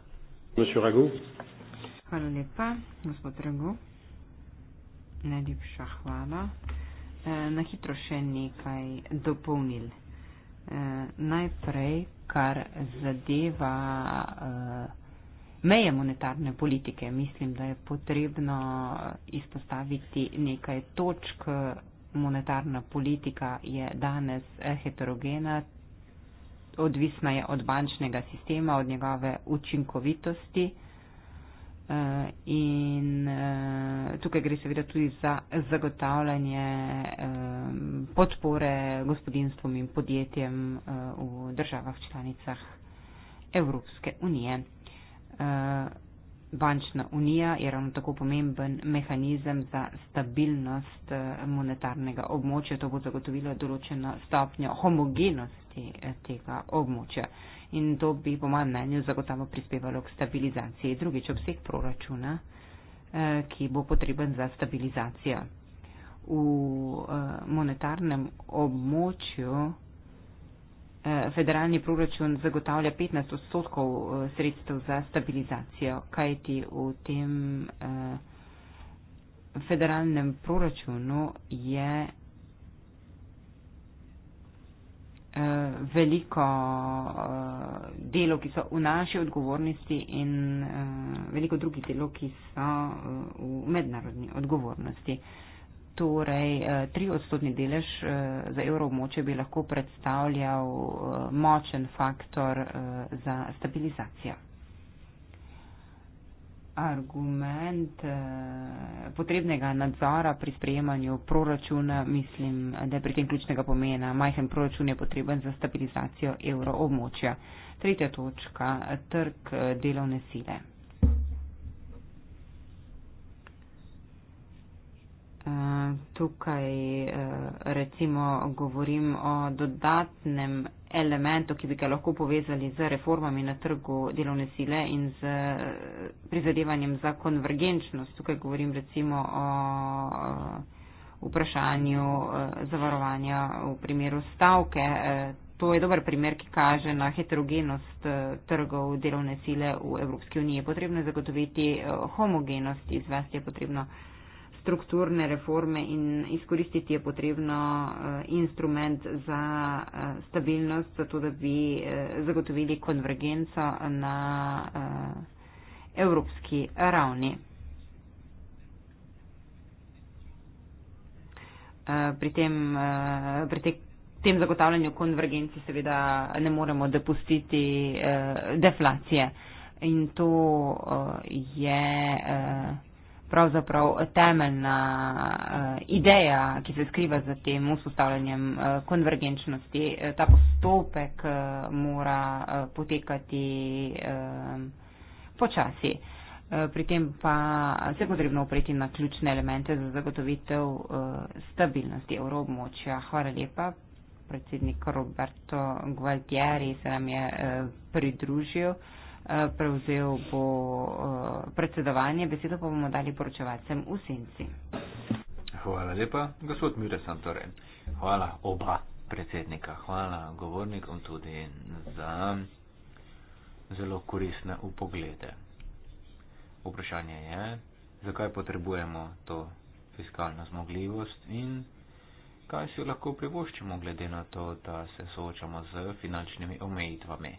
Hvala lepa, gospod Rago. Najlepša hvala eh, na hitro še nekaj dopolnil. Eh, najprej, kar zadeva eh, meje monetarne politike, mislim, da je potrebno eh, izpostaviti nekaj točk. Monetarna politika je danes eh, heterogena, odvisna je od bančnega sistema, od njegove učinkovitosti. Eh, in eh, tukaj gre seveda tudi za zagotavljanje eh, podpore gospodinstvom in podjetjem v državah članicah Evropske unije. Bančna unija je ravno tako pomemben mehanizem za stabilnost monetarnega območja. To bo zagotovilo določeno stopnjo homogenosti tega območja in to bi po mojem mnenju zagotovo prispevalo k stabilizaciji. Drugič, obseg proračuna, eh, ki bo potreben za stabilizacijo. V eh, monetarnem območju eh, federalni proračun zagotavlja 15 odstotkov sredstev za stabilizacijo, kajti v tem federalnem proračunu je Eh, veliko eh, delo, ki so v naši odgovornosti in eh, veliko drugih delo, ki so v mednarodni odgovornosti. Torej, tri odstotni delež za evroobmoče bi lahko predstavljal močen faktor za stabilizacijo argument eh, potrebnega nadzora pri sprejemanju proračuna, mislim, da je pri tem ključnega pomena. Majhen proračun je potreben za stabilizacijo evroobmočja. Tretja točka, trg eh, delovne sile. Eh, tukaj recimo govorim o dodatnem elementov, ki bi ga lahko povezali z reformami na trgu delovne sile in z eh, prizadevanjem za konvergenčnost. Tukaj govorim recimo o eh, vprašanju eh, zavarovanja v primeru stavke. To je dober primer, ki kaže na heterogenost trgov delovne sile v Evropski uniji. Potrebno je zagotoviti homogenost, izvesti je potrebno strukturne reforme in izkoristiti je potrebno eh, instrument za eh, stabilnost, zato da bi eh, zagotovili konvergenco na evropski ravni. Pri tem, pri tem zagotavljanju konvergenci seveda ne moremo dopustiti deflacije. In to je. Uh pravzaprav temeljna uh, ideja, ki se skriva za tem vzpostavljanjem uh, konvergenčnosti. Uh, ta postopek uh, mora uh, potekati uh, počasi. Pri tem pa se je potrebno opreti na ključne elemente za zagotovitev stabilnosti evroobmočja. Hvala lepa. Predsednik Roberto Gualtieri se nam je pridružil. Eh, prevzel bo eh, predsedovanje, besedo pa bomo dali poročevalcem v senci. Hvala lepa, gospod Mire Santoren. Hvala oba predsednika, hvala govornikom tudi za zelo koristne upoglede. Vprašanje je, zakaj potrebujemo to fiskalno zmogljivost in kaj si lahko privoščimo glede na to, da se soočamo z finančnimi omejitvami.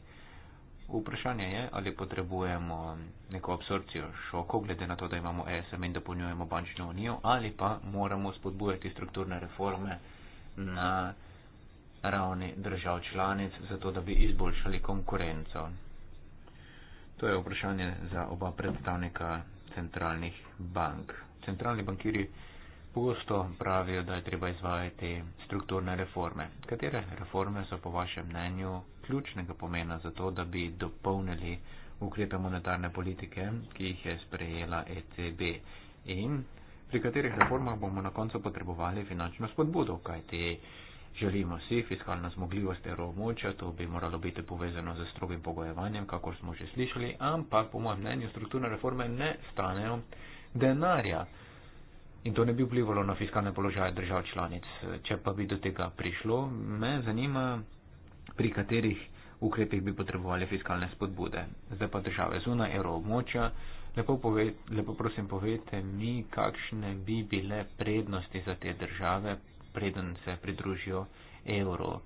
Vprašanje je, ali potrebujemo neko absorpcijo šokov, glede na to, da imamo ESM in dopolnjujemo bančno unijo, ali pa moramo spodbujati strukturne reforme na ravni držav članic, zato da bi izboljšali konkurenco. To je vprašanje za oba predstavnika centralnih bank. Centralni bankiri pogosto pravijo, da je treba izvajati strukturne reforme. Katere reforme so po vašem mnenju ključnega pomena za to, da bi dopolnili ukrepe monetarne politike, ki jih je sprejela ECB in pri katerih reformah bomo na koncu potrebovali finančno spodbudo, kajti želimo si fiskalna zmogljivost evroobmočja, to bi moralo biti povezano z strogim pogojevanjem, kako smo že slišali, ampak po mojem mnenju strukturne reforme ne stanejo denarja. In to ne bi vplivalo na fiskalne položaje držav članic. Če pa bi do tega prišlo, me zanima, pri katerih ukrepih bi potrebovali fiskalne spodbude. Zdaj pa države zunaj evroobmočja. Lepo, lepo prosim povete mi, kakšne bi bile prednosti za te države, preden se pridružijo evro.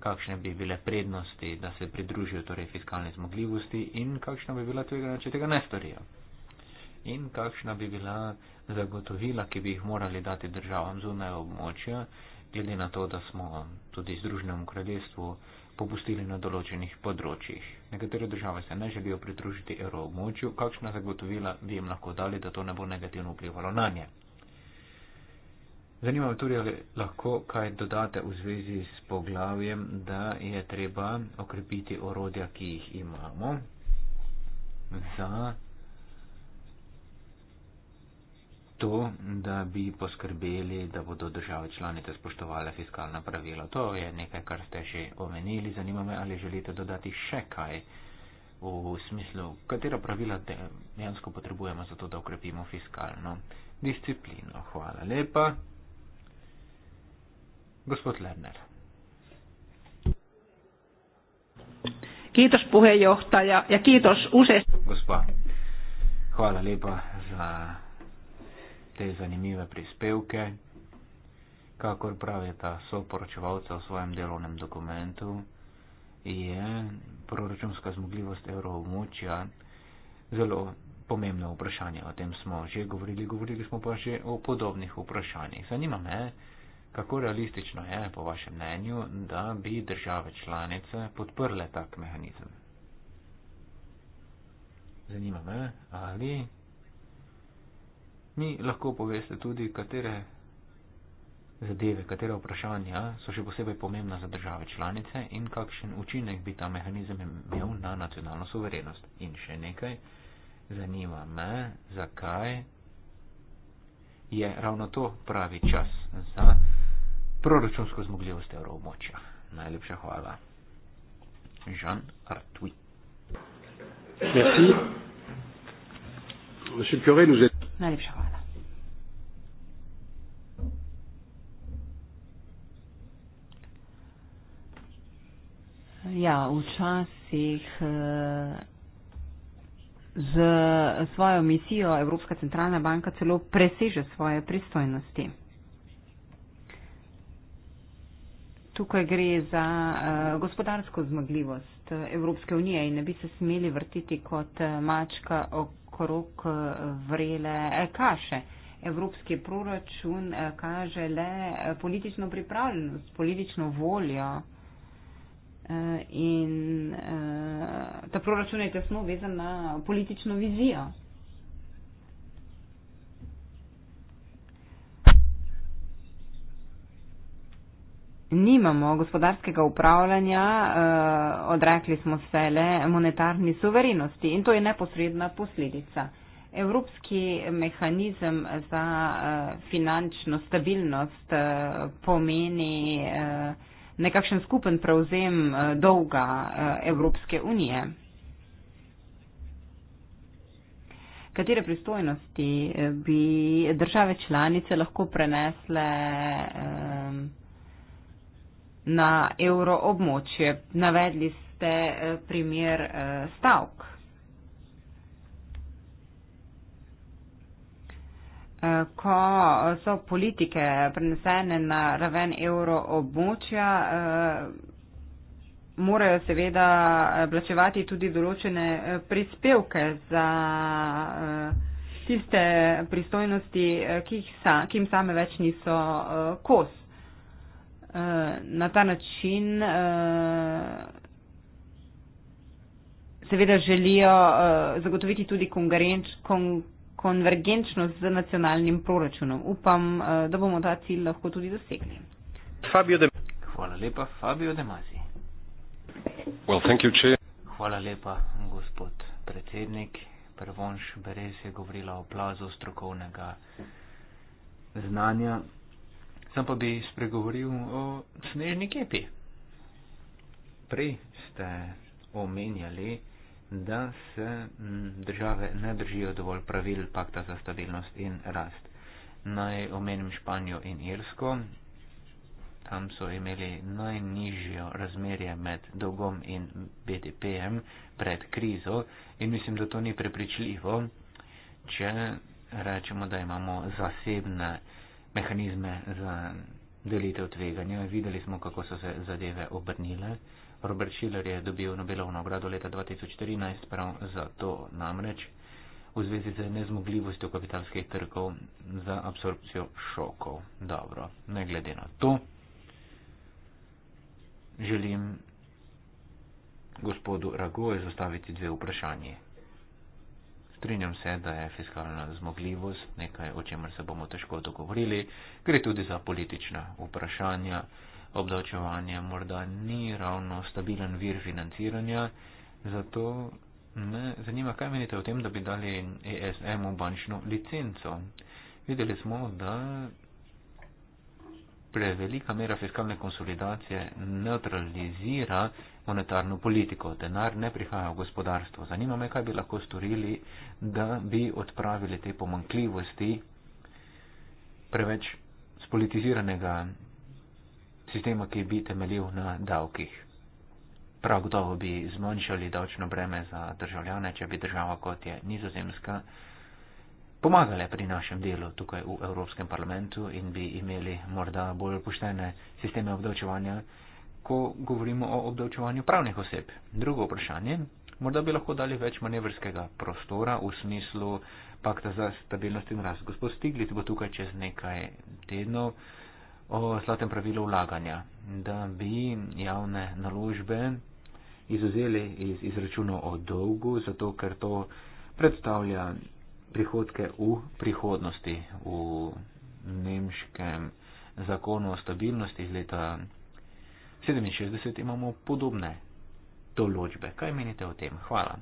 Kakšne bi bile prednosti, da se pridružijo torej fiskalne zmogljivosti in kakšna bi bila tvega, če tega ne storijo. In kakšna bi bila zagotovila, ki bi jih morali dati državam zunaj območja glede na to, da smo tudi Združenemu kraljestvu popustili na določenih področjih. Nekatere države se ne želijo pridružiti evroobmočju, kakšna zagotovila bi jim lahko dali, da to ne bo negativno vplivalo na nje. Zanima me tudi, ali lahko kaj dodate v zvezi s poglavjem, da je treba okrepiti orodja, ki jih imamo za to, da bi poskrbeli, da bodo države članice spoštovale fiskalna pravila. To je nekaj, kar ste že omenili. Zanima me, ali želite dodati še kaj v smislu, katera pravila dejansko potrebujemo za to, da ukrepimo fiskalno disciplino. Hvala lepa. Gospod Lerner. Kitos puhejohtaja ja kitos use. Gospa, hvala lepa za te zanimive prispevke, kakor pravi ta soporočevalca v svojem delovnem dokumentu, je proračunska zmogljivost evroobmočja zelo pomembno vprašanje. O tem smo že govorili, govorili smo pa že o podobnih vprašanjih. Zanima me, kako realistično je, po vašem mnenju, da bi države članice podprle tak mehanizem. Zanima me, ali mi lahko poveste tudi, katere zadeve, katere vprašanja so še posebej pomembna za države članice in kakšen učinek bi ta mehanizem imel na nacionalno soverenost. In še nekaj, zanima me, zakaj je ravno to pravi čas za proračunsko zmogljivost evroobmočja. Najlepša hvala. Jean Artui. Merci. Monsieur le curé, nous êtes... Najlepša hvala. Ja, včasih eh, z svojo misijo Evropska centralna banka celo preseže svoje pristojnosti. Tukaj gre za uh, gospodarsko zmogljivost Evropske unije in ne bi se smeli vrtiti kot eh, mačka okrog eh, vrele eh, kaše. Evropski proračun eh, kaže le politično pripravljenost, politično voljo in ta proračun je tesno vezan na politično vizijo. nimamo gospodarskega upravljanja, eh, odrekli smo se le monetarni suverenosti in to je neposredna posledica. Evropski mehanizem za eh, finančno stabilnost eh, pomeni nekakšen skupen prevzem dolga Evropske unije. Katere pristojnosti bi države članice lahko prenesle? Eh, na evroobmočje. Navedli ste eh, primer eh, stavk. Eh, ko so politike prenesene na raven evroobmočja, morajo seveda plačevati tudi določene prispevke za tiste pristojnosti, ki jim same več niso kost. Eh, na ta način uh, seveda želijo uh, zagotoviti tudi kongrenč, kon, konvergenčnost z nacionalnim proračunom. Upam, uh, da bomo ta cilj lahko tudi dosegli. De... Hvala lepa, Fabio De Masi. Well, you, Hvala lepa, gospod predsednik. Prvonš Beres je govorila o plazu strokovnega znanja sem pa bi spregovoril o snežni kepi. Prej ste omenjali, da se države ne držijo dovolj pravil pakta za stabilnost in rast. Naj omenim Španijo in Irsko. Tam so imeli najnižjo razmerje med dolgom in BDP-jem pred krizo in mislim, da to ni prepričljivo, če rečemo, da imamo zasebne mehanizme za delitev tveganja. Videli smo, kako so se zadeve obrnile. Robert Schiller je dobil Nobelovo nagrado leta 2014 prav za to namreč v zvezi z nezmogljivostjo kapitalskih trgov za absorpcijo šokov. Dobro, ne glede na to, želim gospodu Rago izostaviti dve vprašanje strinjam se, da je fiskalna zmogljivost nekaj, o čemer se bomo težko dogovorili. Gre tudi za politična vprašanja. Obdavčevanje morda ni ravno stabilen vir financiranja, zato me zanima, kaj menite o tem, da bi dali ESM-u bančno licenco. Videli smo, da prevelika mera fiskalne konsolidacije neutralizira monetarno politiko. Denar ne prihaja v gospodarstvo. Zanima me, kaj bi lahko storili, da bi odpravili te pomankljivosti preveč spolitiziranega sistema, ki bi temeljil na davkih. Prav gotovo bi zmanjšali davčno breme za državljane, če bi država kot je nizozemska pomagale pri našem delu tukaj v Evropskem parlamentu in bi imeli morda bolj poštene sisteme obdavčevanja, ko govorimo o obdavčevanju pravnih oseb. Drugo vprašanje, morda bi lahko dali več manevrskega prostora v smislu pakta za stabilnost in rast. Gospod Stiglic bo tukaj čez nekaj tednov o slatem pravilu vlaganja, da bi javne naložbe izuzeli iz izračuna o dolgu, zato ker to predstavlja prihodke v prihodnosti. V nemškem zakonu o stabilnosti iz leta 67 imamo podobne določbe. Kaj menite o tem? Hvala.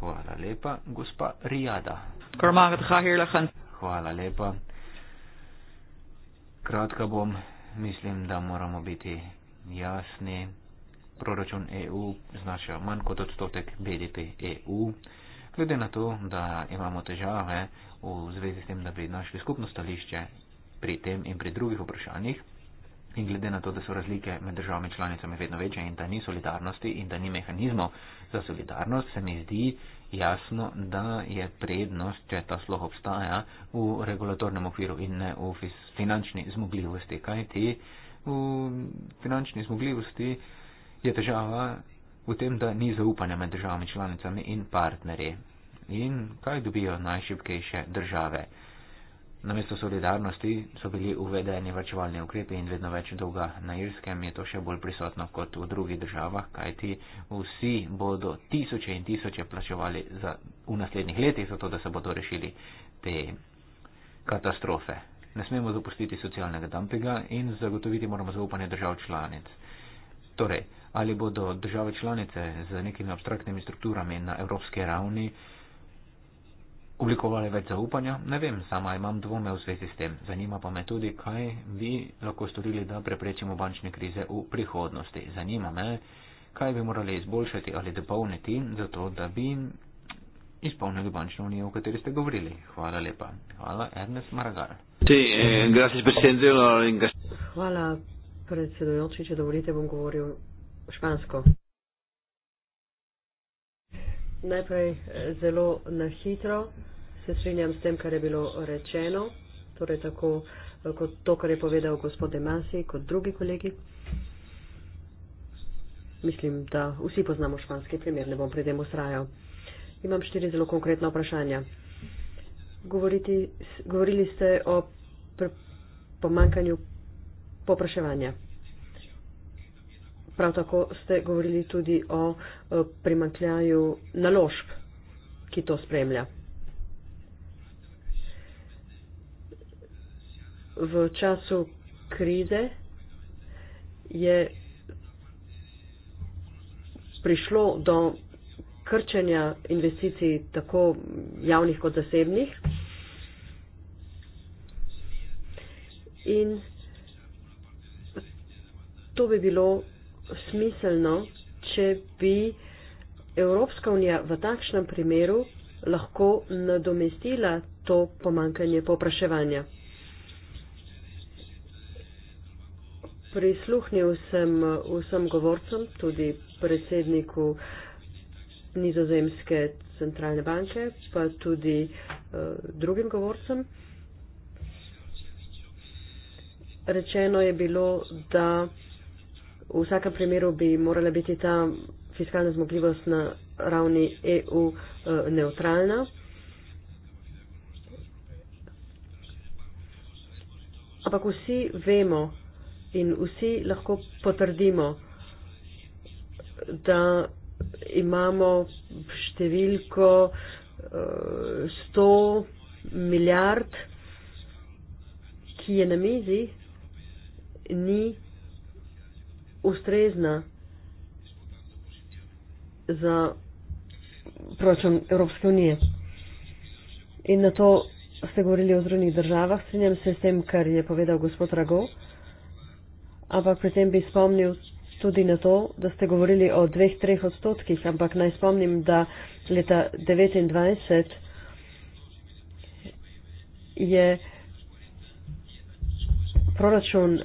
Hvala lepa, gospa Rijada. Hvala lepa. Kratka bom, mislim, da moramo biti jasni. Proračun EU znaša manj kot odstotek BDP EU glede na to, da imamo težave v zvezi s tem, da bi našli skupno stališče pri tem in pri drugih vprašanjih in glede na to, da so razlike med državami članicami vedno večje in da ni solidarnosti in da ni mehanizmov za solidarnost, se mi zdi jasno, da je prednost, če ta sloh obstaja, v regulatornem okviru in ne v finančni zmogljivosti, kajti v finančni zmogljivosti je težava v tem, da ni zaupanja med državami članicami in partnerji. In kaj dobijo najšipkejše države? Namesto solidarnosti so bili uvedeni vrčevalni ukrepi in vedno več dolga. Na Irskem je to še bolj prisotno kot v drugih državah, kajti vsi bodo tisoče in tisoče plačevali za, v naslednjih letih, zato da se bodo rešili te katastrofe. Ne smemo zapustiti socialnega dumpinga in zagotoviti moramo zaupanje držav članic. Torej, ali bodo države članice z nekimi abstraktnimi strukturami na evropske ravni oblikovali več zaupanja, ne vem, sama imam dvome v svezi s tem. Zanima pa me tudi, kaj bi lahko storili, da preprečimo bančne krize v prihodnosti. Zanima me, kaj bi morali izboljšati ali dopolniti, zato da bi izpolnili bančno unijo, o kateri ste govorili. Hvala lepa. Hvala, Ernest Maragar. Eh, Hvala, predsedujoči, če dovolite, bom govoril špansko. Najprej eh, zelo na hitro se strinjam s tem, kar je bilo rečeno, torej tako eh, kot to, kar je povedal gospod Demasi, kot drugi kolegi. Mislim, da vsi poznamo španski primer, ne bom pri tem osrajal. Imam štiri zelo konkretna vprašanja. Govoriti, govorili ste o pr, pomankanju popraševanja. Prav tako ste govorili tudi o eh, primankljaju naložb, ki to spremlja. v času krize je prišlo do krčenja investicij tako javnih kot zasebnih. In to bi bilo smiselno, če bi Evropska unija v takšnem primeru lahko nadomestila to pomankanje popraševanja. Prisluhnil sem uh, vsem govorcem, tudi predsedniku Nizozemske centralne banke, pa tudi uh, drugim govorcem. Rečeno je bilo, da v vsakem primeru bi morala biti ta fiskalna zmogljivost na ravni EU uh, neutralna. Ampak vsi vemo, in vsi lahko potrdimo, da imamo številko 100 eh, milijard, ki je na mizi, ni ustrezna za proračun Evropske unije. In na to ste govorili o zrunih državah, strinjam se s tem, kar je povedal gospod Ragov ampak pri tem bi spomnil tudi na to, da ste govorili o 2-3 odstotkih, ampak naj spomnim, da leta 1929 je proračun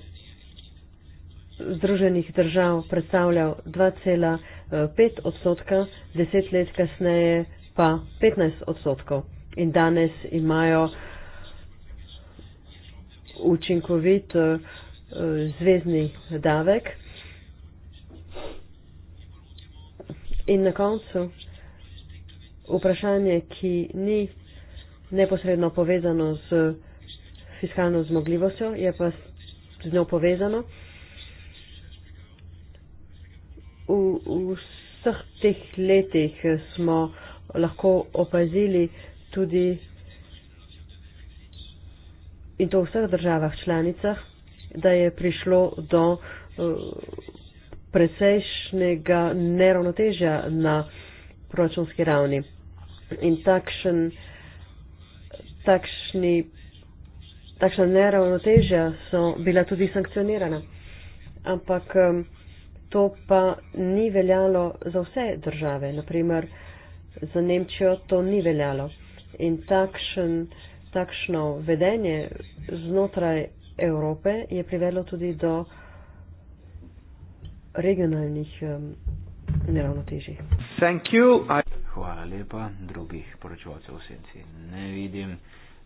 Združenih držav predstavljal 2,5 eh, odstotka, deset let kasneje pa 15 odstotkov. In danes imajo učinkovit uh, zvezdni davek. In na koncu vprašanje, ki ni neposredno povezano z fiskalno zmogljivostjo, je pa z njo povezano. V, v vseh teh letih smo lahko opazili tudi in to v vseh državah članicah, da je prišlo do eh, presejšnjega neravnotežja na proračunski ravni. In takšen, takšni, takšna neravnotežja so bila tudi sankcionirana. Ampak to pa ni veljalo za vse države. Naprimer, za Nemčijo to ni veljalo. In takšen, takšno vedenje znotraj Evrope je privedlo tudi do regionalnih um, neravnotežij. Thank you. I... Hvala lepa, drugih poročevalcev v senci ne vidim,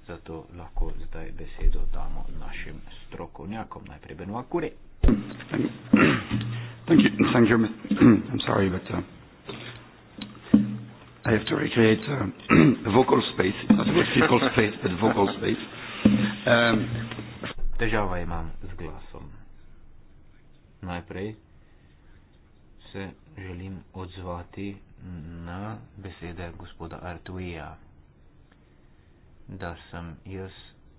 zato lahko zdaj besedo damo našim strokovnjakom, najprej Benu Akure. Thank you. Thank you. *clears throat* I'm sorry, but uh, I have to recreate uh, a *clears throat* vocal space, not a vocal space, but vocal space. Um, težava imam z glasom. Najprej se želim odzvati na besede gospoda Artuija, da sem jaz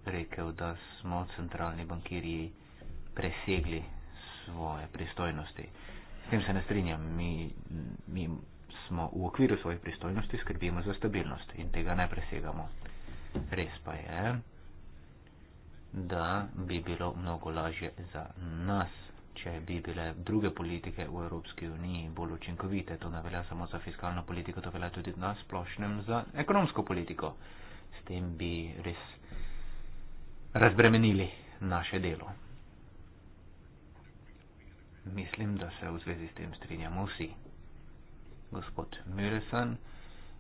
rekel, da smo centralni bankirji presegli svoje pristojnosti. S tem se ne strinjam. Mi, mi smo v okviru svojih pristojnosti skrbimo za stabilnost in tega ne presegamo. Res pa je, da bi bilo mnogo lažje za nas, če bi bile druge politike v Evropski uniji bolj učinkovite. To ne velja samo za fiskalno politiko, to velja tudi na splošnem za ekonomsko politiko. S tem bi res razbremenili naše delo. Mislim, da se v zvezi s tem strinjamo vsi. Gospod Müresen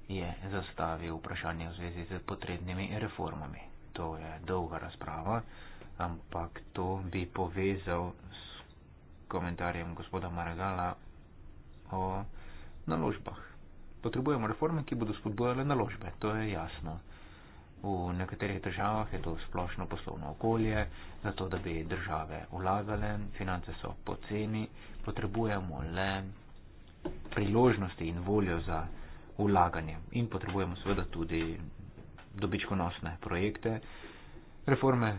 je zastavil vprašanje v zvezi z potrebnimi reformami to je dolga razprava, ampak to bi povezal s komentarjem gospoda Maragala o naložbah. Potrebujemo reforme, ki bodo spodbojale naložbe, to je jasno. V nekaterih državah je to splošno poslovno okolje, zato da bi države ulagale, finance so poceni, potrebujemo le priložnosti in voljo za ulaganje in potrebujemo seveda tudi dobičkonosne projekte. Reforme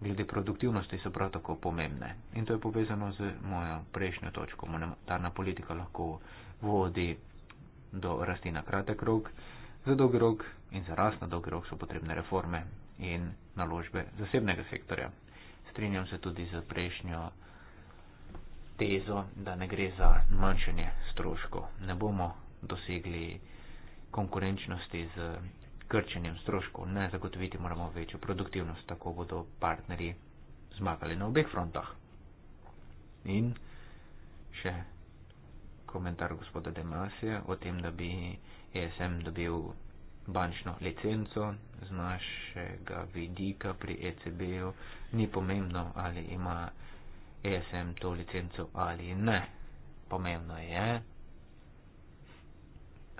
glede produktivnosti so prav tako pomembne in to je povezano z mojo prejšnjo točko. Monetarna politika lahko vodi do rasti na kratek rok, za dolg rok in za rast na dolg rok so potrebne reforme in naložbe zasebnega sektorja. Strinjam se tudi z prejšnjo tezo, da ne gre za manjšanje stroškov. Ne bomo dosegli konkurenčnosti z krčenjem stroškov ne zagotoviti moramo večjo produktivnost, tako bodo partnerji zmagali na obeh frontah. In še komentar gospoda Demasija o tem, da bi ESM dobil bančno licenco z našega vidika pri ECB-u. Ni pomembno, ali ima ESM to licenco ali ne. Pomembno je,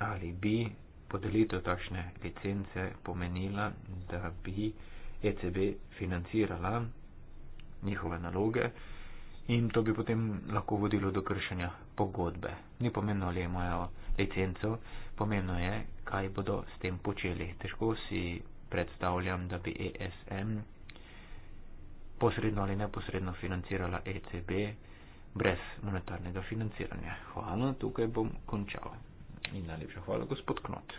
ali bi podelitev takšne licence pomenila, da bi ECB financirala njihove naloge in to bi potem lahko vodilo do kršenja pogodbe. Ni pomembno, ali imajo licenco, pomembno je, kaj bodo s tem počeli. Težko si predstavljam, da bi ESM posredno ali neposredno financirala ECB brez monetarnega financiranja. Hvala, tukaj bom končal. In najlepša hvala, gospod Knot.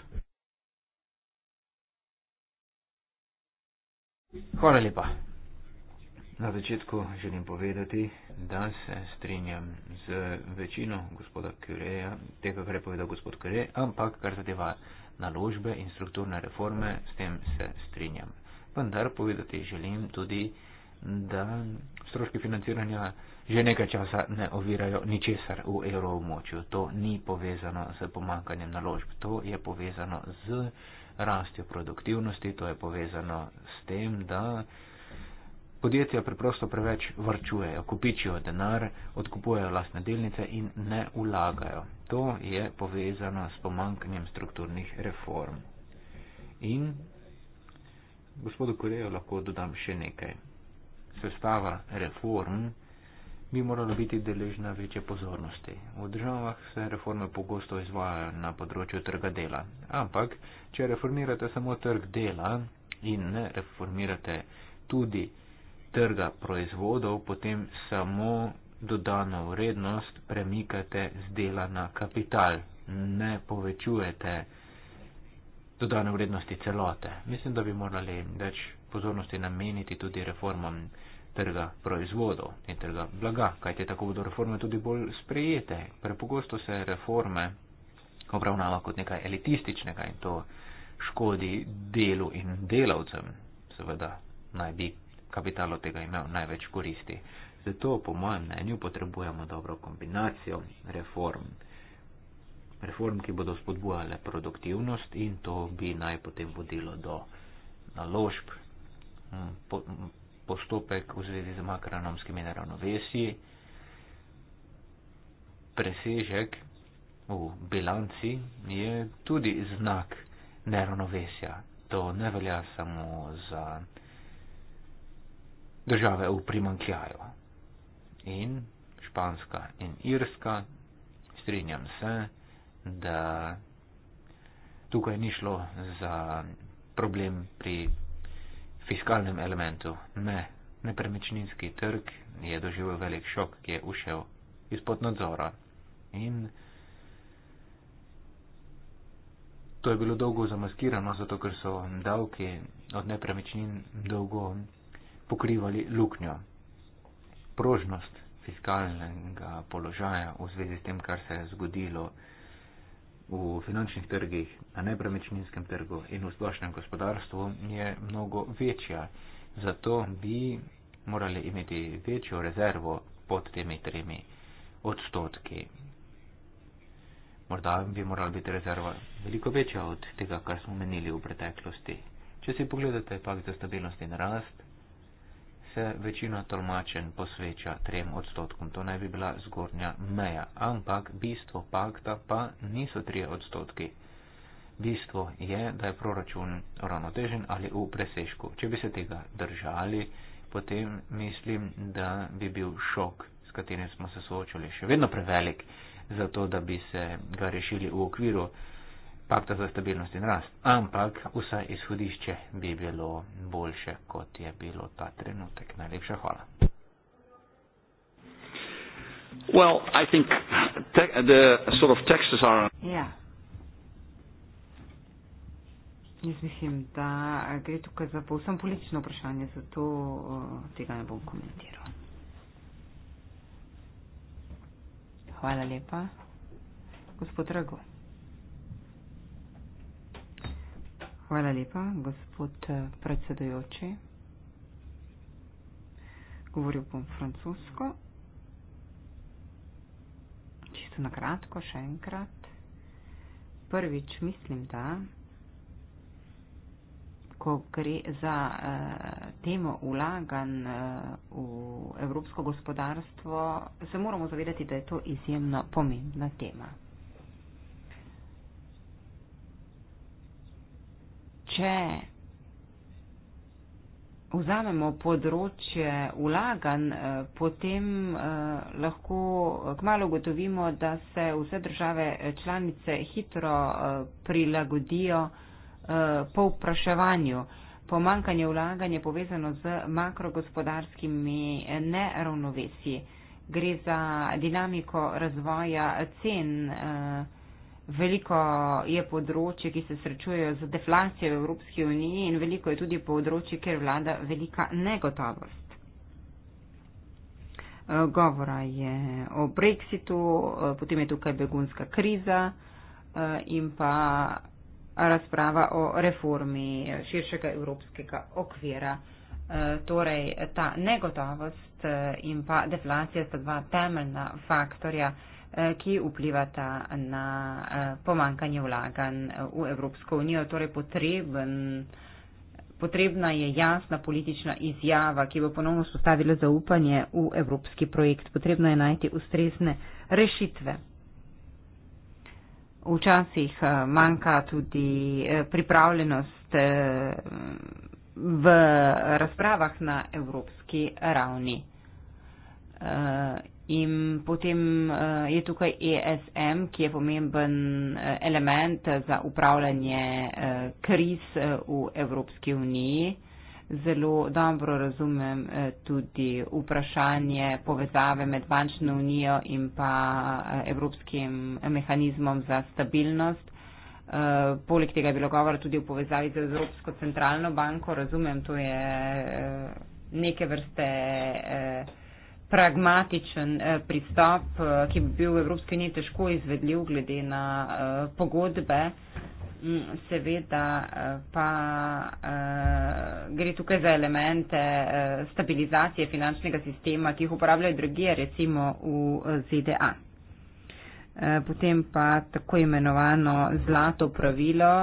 Hvala lepa. Na začetku želim povedati, da se strinjam z večino gospoda Kureja, tega, kar je povedal gospod Kure, ampak kar zadeva naložbe in strukturne reforme, s tem se strinjam. Vendar povedati želim tudi, da stroški financiranja že nekaj časa ne ovirajo ničesar v evroobmočju. To ni povezano s pomankanjem naložb, to je povezano z rastjo produktivnosti, to je povezano s tem, da podjetja preprosto preveč vrčujejo, kupičijo denar, odkupujejo lastne delnice in ne ulagajo. To je povezano s pomankanjem strukturnih reform. In gospodu Korejo lahko dodam še nekaj. Sestava reform bi moralo biti deležna večje pozornosti. V državah se reforme pogosto izvajajo na področju trga dela. Ampak, če reformirate samo trg dela in ne reformirate tudi trga proizvodov, potem samo dodano vrednost premikate z dela na kapital. Ne povečujete dodane vrednosti celote. Mislim, da bi morali več pozornosti nameniti tudi reformam trga proizvodov in trga blaga, kajte tako bodo reforme tudi bolj sprejete. Prepogosto se reforme obravnava kot nekaj elitističnega in to škodi delu in delavcem. Seveda naj bi kapital od tega imel največ koristi. Zato, po mojem mnenju, potrebujemo dobro kombinacijo reform. Reform, ki bodo spodbujale produktivnost in to bi naj potem vodilo do naložb postopek v zvezi z makronomskimi neravnovesji, presežek v bilanci je tudi znak neravnovesja. To ne velja samo za države v primankljaju. In Španska in Irska, strinjam se, da tukaj ni šlo za problem pri fiskalnem elementu. Ne, nepremičninski trg je doživel velik šok, ki je ušel izpod nadzora. In to je bilo dolgo zamaskirano, zato ker so davki od nepremičnin dolgo pokrivali luknjo. Prožnost fiskalnega položaja v zvezi s tem, kar se je zgodilo, v finančnih trgih, na nepremičninskem trgu in v splošnem gospodarstvu je mnogo večja. Zato bi morali imeti večjo rezervo pod temi tremi odstotki. Morda bi morala biti rezerva veliko večja od tega, kar smo menili v preteklosti. Če si pogledate pakt za stabilnost in rast, se večina tolmačen posveča trem odstotkom. To naj bi bila zgornja meja. Ampak bistvo pakta pa niso tri odstotki. Bistvo je, da je proračun ravnotežen ali v presežku. Če bi se tega držali, potem mislim, da bi bil šok, s katerim smo se soočali, še vedno prevelik, zato da bi se ga rešili v okviru pakta za stabilnost in rast. Ampak vsa izhodišče bi bilo boljše, kot je bilo ta trenutek. Najlepša hvala. Well, I think te the sort of taxes are. Yeah. Ja. Jaz mislim, da gre tukaj za povsem politično vprašanje, zato uh, tega ne bom komentiral. Hvala lepa. Gospod Rago. Hvala lepa, gospod eh, predsedujoči. Govoril bom francosko. Čisto na kratko, še enkrat. Prvič mislim, da ko gre za uh, temo ulagan uh, eh, v evropsko gospodarstvo, se moramo zavedati, da je to izjemno pomembna tema. če vzamemo področje ulagan, eh, potem eh, lahko eh, kmalo gotovimo, da se vse države članice hitro prilagodijo po vpraševanju. Pomankanje ulaganja je povezano z makrogospodarskimi neravnovesji. Gre za dinamiko razvoja cen. Eh, Veliko je področje, ki se srečujejo z deflacijo v Evropski uniji in veliko je tudi področje, kjer vlada velika negotovost. Eh, govora je o Brexitu, eh, potem je tukaj begunska kriza eh, in pa razprava o reformi širšega evropskega okvira. Torej, ta negotovost in pa deflacija sta dva temeljna faktorja, Eh, ki vplivata na eh, pomankanje vlaganj eh, v Evropsko unijo. Torej potreben, potrebna je jasna politična izjava, ki bo ponovno spostavila zaupanje v evropski projekt. Potrebno je najti ustrezne rešitve. Včasih manjka tudi pripravljenost v razpravah na evropski ravni. In potem eh, je tukaj ESM, ki je pomemben eh, element za upravljanje eh, kriz v Evropski uniji. Zelo dobro razumem tudi vprašanje povezave med bančno unijo in pa Evropskim mehanizmom za stabilnost. Poleg tega je bilo govora tudi o povezavi z Evropsko centralno banko. Razumem, to je neke vrste pragmatičen eh, pristop, eh, ki bi bil v Evropski uniji težko izvedljiv glede na eh, pogodbe. Mm, seveda pa gre tukaj za elemente stabilizacije finančnega sistema, ki jih uporabljajo druge, recimo v ZDA. Potem pa tako imenovano zlato pravilo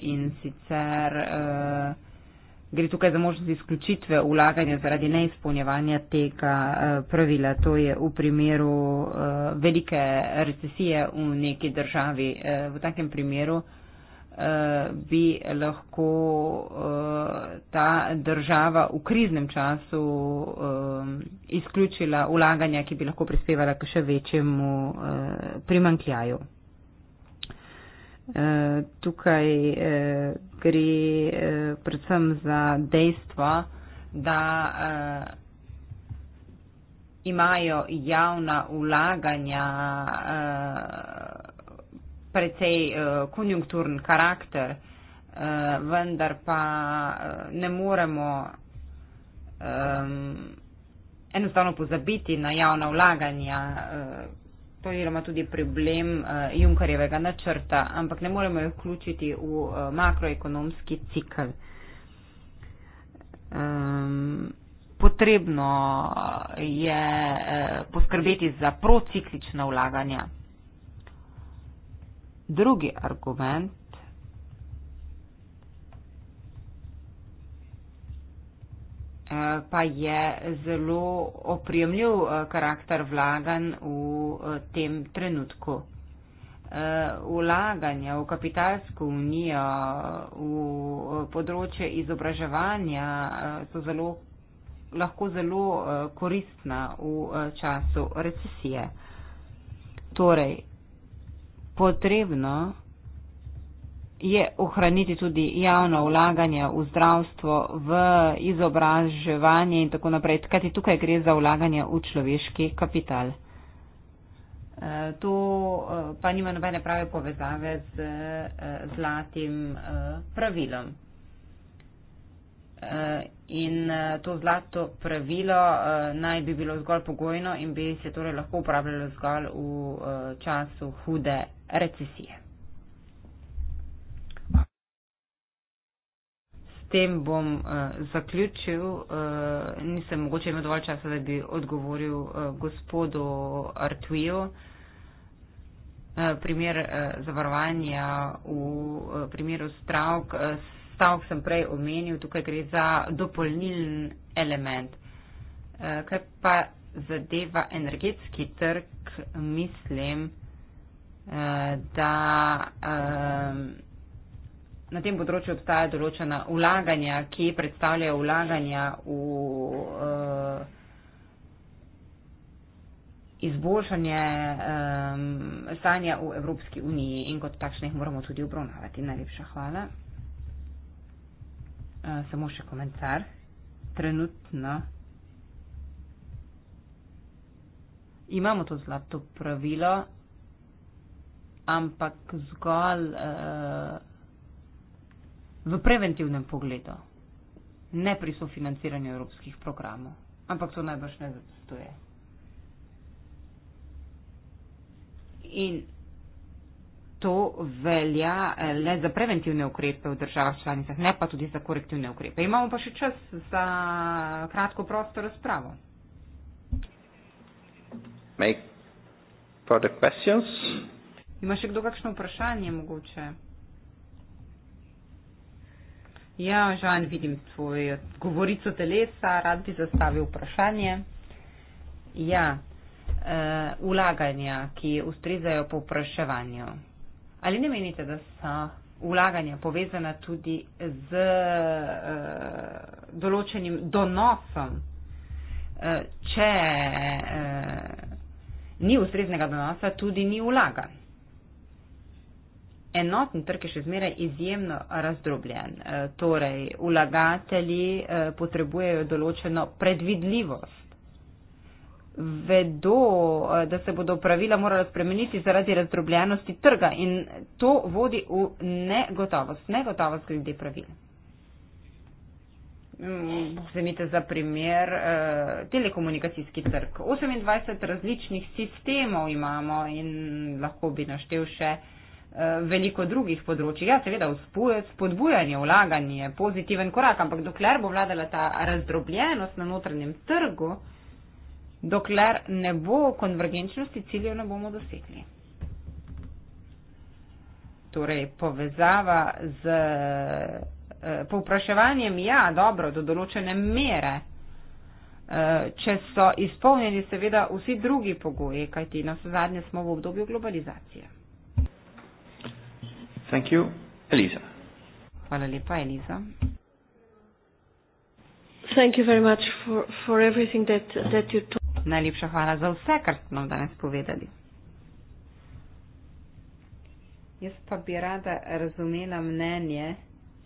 in sicer gre tukaj za možnost izključitve ulaganja zaradi neizpolnjevanja tega eh, pravila. To je v primeru eh, velike recesije v neki državi. Eh, v takem primeru bi lahko ta država v kriznem času izključila ulaganja, ki bi lahko prispevala k še večjemu primankljaju. Eh, tukaj eh, gre eh, predvsem za dejstva, da imajo javna ulaganja precej konjunkturen karakter, vendar pa ne moremo enostavno pozabiti na javna ulaganja to je ima tudi problem uh, Junkarjevega načrta, ampak ne moremo jo vključiti v uh, makroekonomski cikl. Um, ehm, potrebno eh, je uh, poskrbeti za prociklična vlaganja. Drugi argument pa je zelo opremljiv eh, karakter vlagan v eh, tem trenutku. Eh, Vlaganje v kapitalsko unijo, v področje izobraževanja so zelo, lahko zelo koristna v času recesije. Torej, potrebno je ohraniti tudi javno vlaganje v zdravstvo, v izobraževanje in tako naprej. Kajti tukaj gre za vlaganje v človeški kapital. E, to e, pa nima nobene prave povezave z e, zlatim pravilom. In to zlato pravilo naj bi bilo zgolj pogojno in bi se torej lahko uporabljalo zgolj v času hude recesije. tem bom uh, zaključil. Uh, nisem mogoče imel dovolj časa, da bi odgovoril uh, gospodu Artuijo. Primer zavarovanja v primeru stavk. Stavk sem prej omenil, tukaj gre za dopolniln element. Kaj pa zadeva energetski trg, mislim, da na tem področju obstaja določena vlaganja, ki predstavljajo vlaganja v uh, izboljšanje um, stanja v Evropski uniji in kot takšne jih moramo tudi obravnavati. Najlepša hvala. Uh, samo še komentar. Trenutno imamo to zlato pravilo, ampak zgolj uh, v preventivnem pogledu, ne pri sofinanciranju evropskih programov. Ampak to najbrž ne zadostuje. In to velja eh, le za preventivne ukrepe v državah članicah, ne pa tudi za korektivne ukrepe. Imamo pa še čas za kratko prosto razpravo. Make for the questions. Ima še kdo kakšno vprašanje mogoče? Ja, Žan, vidim tvojo govorico telesa, rad bi zastavil vprašanje. Ja, e, ulaganja, ki ustrezajo povpraševanju. Ali ne menite, da so ulaganja povezana tudi z e, določenim donosom? E, če e, ni ustreznega donosa, tudi ni ulaganj enoten trg je še zmeraj izjemno razdrobljen. E, torej, vlagatelji e, potrebujejo določeno predvidljivost. Vedo, e, da se bodo pravila morala spremeniti zaradi razdrobljenosti trga in to vodi v negotovost, negotovost glede pravil. Mm, vzemite za primer eh, telekomunikacijski trg. 28 različnih sistemov imamo in lahko bi naštel še eh, Eh, veliko drugih področjih. Ja, seveda, spodbujanje, vlaganje je pozitiven korak, ampak dokler bo vladala ta razdrobljenost na notranjem trgu, dokler ne bo konvergenčnosti, ciljev ne bomo dosegli. Torej, povezava z eh, povpraševanjem, ja, dobro, do določene mere, eh, če so izpolnjeni seveda vsi drugi pogoji, kajti na vse zadnje smo v obdobju globalizacije. Thank you. Eliza. Hvala lepa, Eliza. Thank you very much for, for everything that, that you told. Najlepša hvala za vse, kar ste nam danes povedali. Jaz pa bi rada razumela mnenje,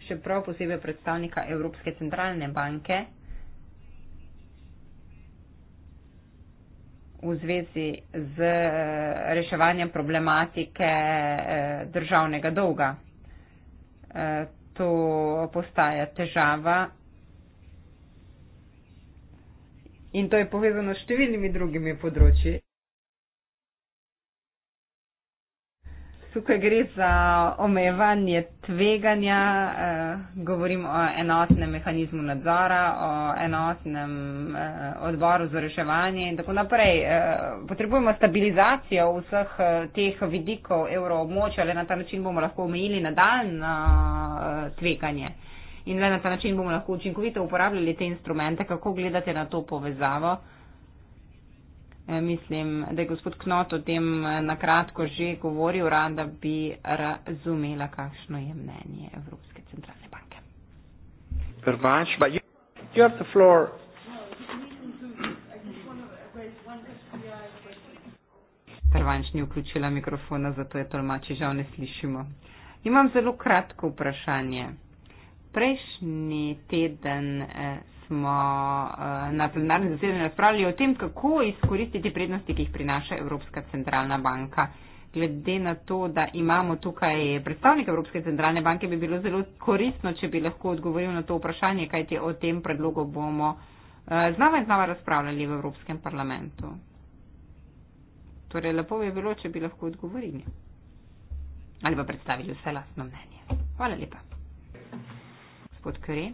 še prav posebej predstavnika Evropske centralne banke, v zvezi z eh, reševanjem problematike eh, državnega dolga. Eh, to postaja težava in to je povezano s številnimi drugimi področji. tukaj gre za omejevanje tveganja, eh, govorim o enotnem mehanizmu nadzora, o enotnem eh, odboru za reševanje in tako naprej. Eh, potrebujemo stabilizacijo vseh eh, teh vidikov evroobmočja, le na ta način bomo lahko omejili nadaljno eh, tveganje in le na ta način bomo lahko učinkovito uporabljali te instrumente. Kako gledate na to povezavo? Eh, Eh, mislim, da je gospod Knot o tem eh, nakratko že govoril, rada bi razumela, kakšno je mnenje Evropske centralne banke. Prvanč ni vključila mikrofona, zato je tolmači žal ne slišimo. Imam zelo kratko vprašanje. Prejšnji teden eh, smo eh, na plenarnem zasedanju razpravljali o tem, kako izkoristiti prednosti, ki jih prinaša Evropska centralna banka. Glede na to, da imamo tukaj predstavnika Evropske centralne banke, bi bilo zelo koristno, če bi lahko odgovoril na to vprašanje, kajti o tem predlogu bomo eh, znova in znova razpravljali v Evropskem parlamentu. Torej, lepo bi bilo, če bi lahko odgovorili ali pa predstavili vse lastno mnenje. Hvala lepa. Gospod Kri.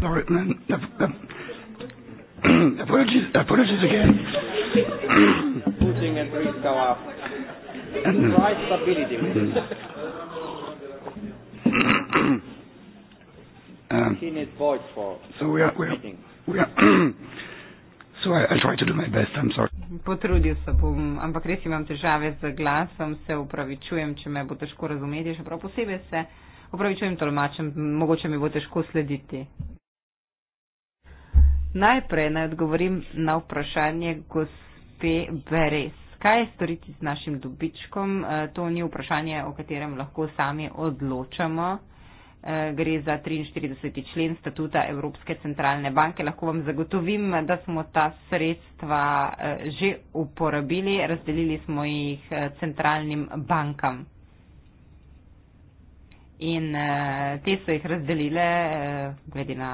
Sorry. *coughs* Apologies, apologies again. Putting and risk *coughs* go up. Um, Price stability. He needs voice for. So we are. We are. We are *coughs* so I, I try to do my best. I'm sorry. Potrudil se bom, ampak res imam težave z glasom, se upravičujem, če me bo težko razumeti, še prav posebej se upravičujem tolmačem, mogoče mi bo težko slediti. Najprej naj odgovorim na vprašanje gospe Beres. Kaj je storiti z našim dobičkom? Eh, to ni vprašanje, o katerem lahko sami odločamo. Eh, gre za 43. člen statuta Evropske centralne banke. Lahko vam zagotovim, da smo ta sredstva eh, že uporabili, razdelili smo jih centralnim bankam. In te so jih razdelile glede na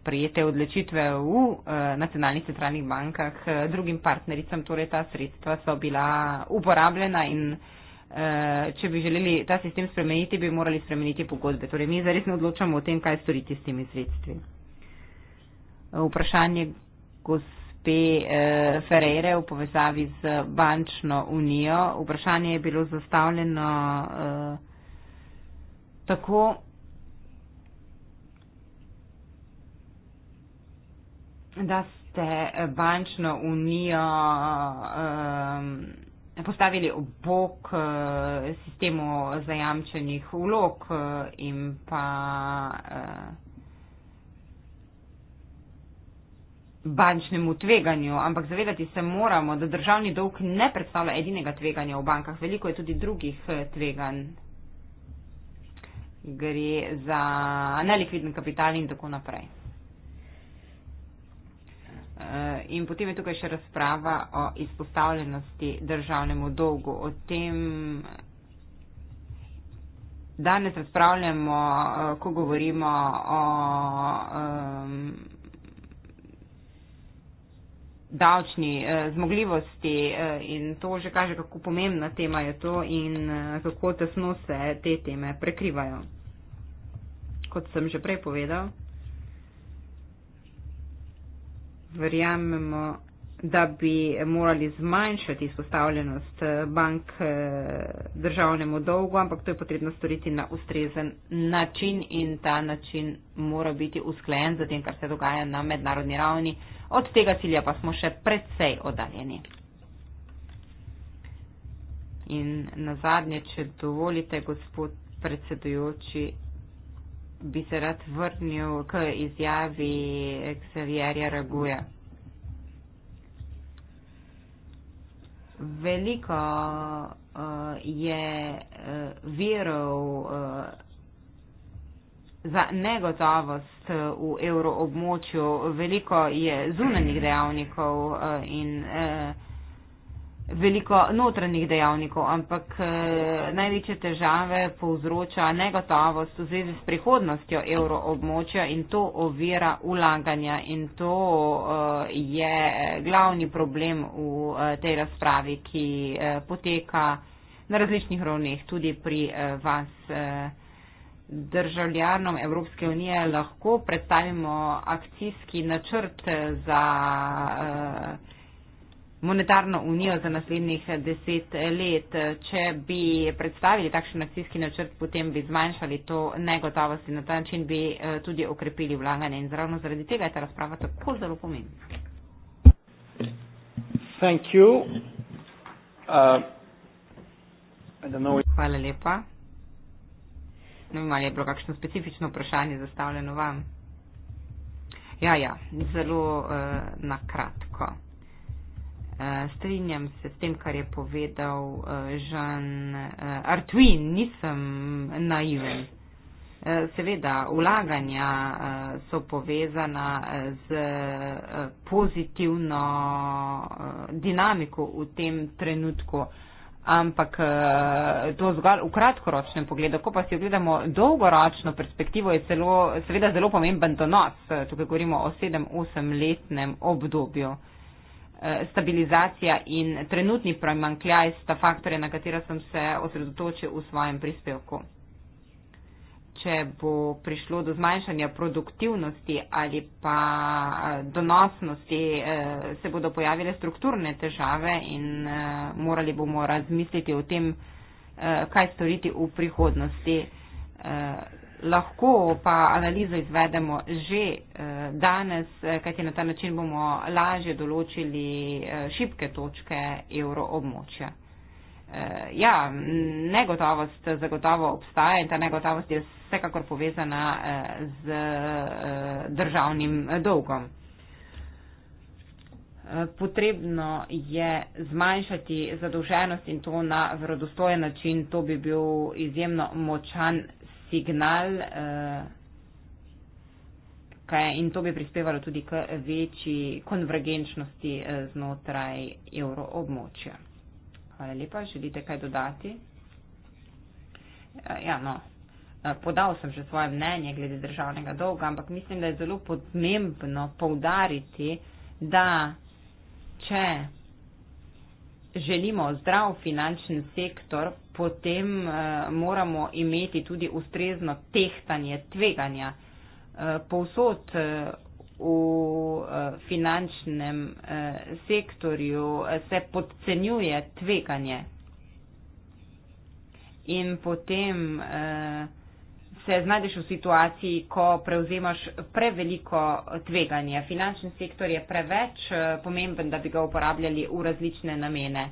sprejete odločitve v eh, nacionalnih centralnih bankah eh, drugim partnericam, torej ta sredstva so bila uporabljena in eh, če bi želeli ta sistem spremeniti, bi morali spremeniti pogodbe. Torej mi zares ne odločamo o tem, kaj storiti s temi sredstvi. Vprašanje gospe Ferere v povezavi z bančno unijo. Vprašanje je bilo zastavljeno tako, da ste bančno unijo um, postavili ob bok uh, eh, sistemu zajamčenih vlog uh, in pa uh, bančnemu tveganju. Ampak zavedati se moramo, da državni dolg ne predstavlja edinega tveganja v bankah. Veliko je tudi drugih tveganj. Gre za nelikviden kapital in tako naprej. Eh, in potem je tukaj še razprava o izpostavljenosti državnemu dolgu. O tem danes razpravljamo, eh, ko govorimo o um, davčni eh, zmogljivosti eh, in to že kaže, kako pomembna tema je to in eh, kako tesno se te teme prekrivajo. Kot sem že prej povedal verjamemo, da bi morali zmanjšati izpostavljenost eh, bank eh, državnemu dolgu, ampak to je potrebno storiti na ustrezen način in ta način mora biti usklajen z tem, kar se dogaja na mednarodni ravni. Od tega cilja pa smo še predvsej oddaljeni. In na zadnje, če dovolite, gospod predsedujoči, bi se rad vrnil k izjavi Xavierja Raguja. Veliko uh, je uh, virov uh, za negotovost v evroobmočju, veliko je zunanjih dejavnikov uh, in uh, veliko notranjih dejavnikov, ampak e, največje težave povzroča negotovost v zvezi s prihodnostjo evroobmočja in to ovira ulaganja in to e, je glavni problem v e, tej razpravi, ki e, poteka na različnih ravneh, tudi pri e, vas. E, državljanom Evropske unije lahko predstavimo akcijski načrt za. E, monetarno unijo za naslednjih deset let. Če bi predstavili takšen nacijski načrt, potem bi zmanjšali to negotovost in na ta način bi eh, tudi okrepili vlaganje. In ravno zaradi tega je ta razprava tako zelo pomembna. Uh, Hvala lepa. Ne vem, ali je bilo kakšno specifično vprašanje zastavljeno vam. Ja, ja, zelo uh, na kratko. Eh, strinjam se s tem, kar je povedal uh, Žan uh, eh, Artwin, nisem naiven. Seveda, ulaganja so povezana z pozitivno dinamiko v tem trenutku, ampak to zgolj v kratkoročnem pogledu. Ko pa si ogledamo dolgoročno perspektivo, je celo, seveda zelo pomemben donos. Tukaj govorimo o 7-8 letnem obdobju. Eh, stabilizacija in trenutni premankljaj sta faktore, na katera sem se osredotočil v svojem prispevku. Če bo prišlo do zmanjšanja produktivnosti ali pa eh, donosnosti, eh, se bodo pojavile strukturne težave in morali bomo razmisliti o tem, kaj storiti v prihodnosti lahko pa analizo izvedemo že eh, danes, eh, kajti na ta način bomo lažje določili eh, šibke točke evroobmočja. Ja, negotovost zagotovo obstaja in ta negotovost je vsekakor povezana z državnim dolgom. Potrebno je zmanjšati zadolženost in to na vrodostojen način. To bi bil izjemno močan signal, eh, kaj, in to bi prispevalo tudi k večji konvergenčnosti eh, znotraj evroobmočja. Hvala lepa, želite kaj dodati? Eh, ja, no. Eh, podal sem že svoje mnenje glede državnega dolga, ampak mislim, da je zelo pomembno poudariti, da če želimo zdrav finančni sektor, potem uh, moramo imeti tudi ustrezno tehtanje tveganja. Uh, povsod uh, v uh, finančnem uh, sektorju se podcenjuje tveganje in potem uh, se znajdeš v situaciji, ko prevzemaš preveliko tveganje. Finančni sektor je preveč uh, pomemben, da bi ga uporabljali v različne namene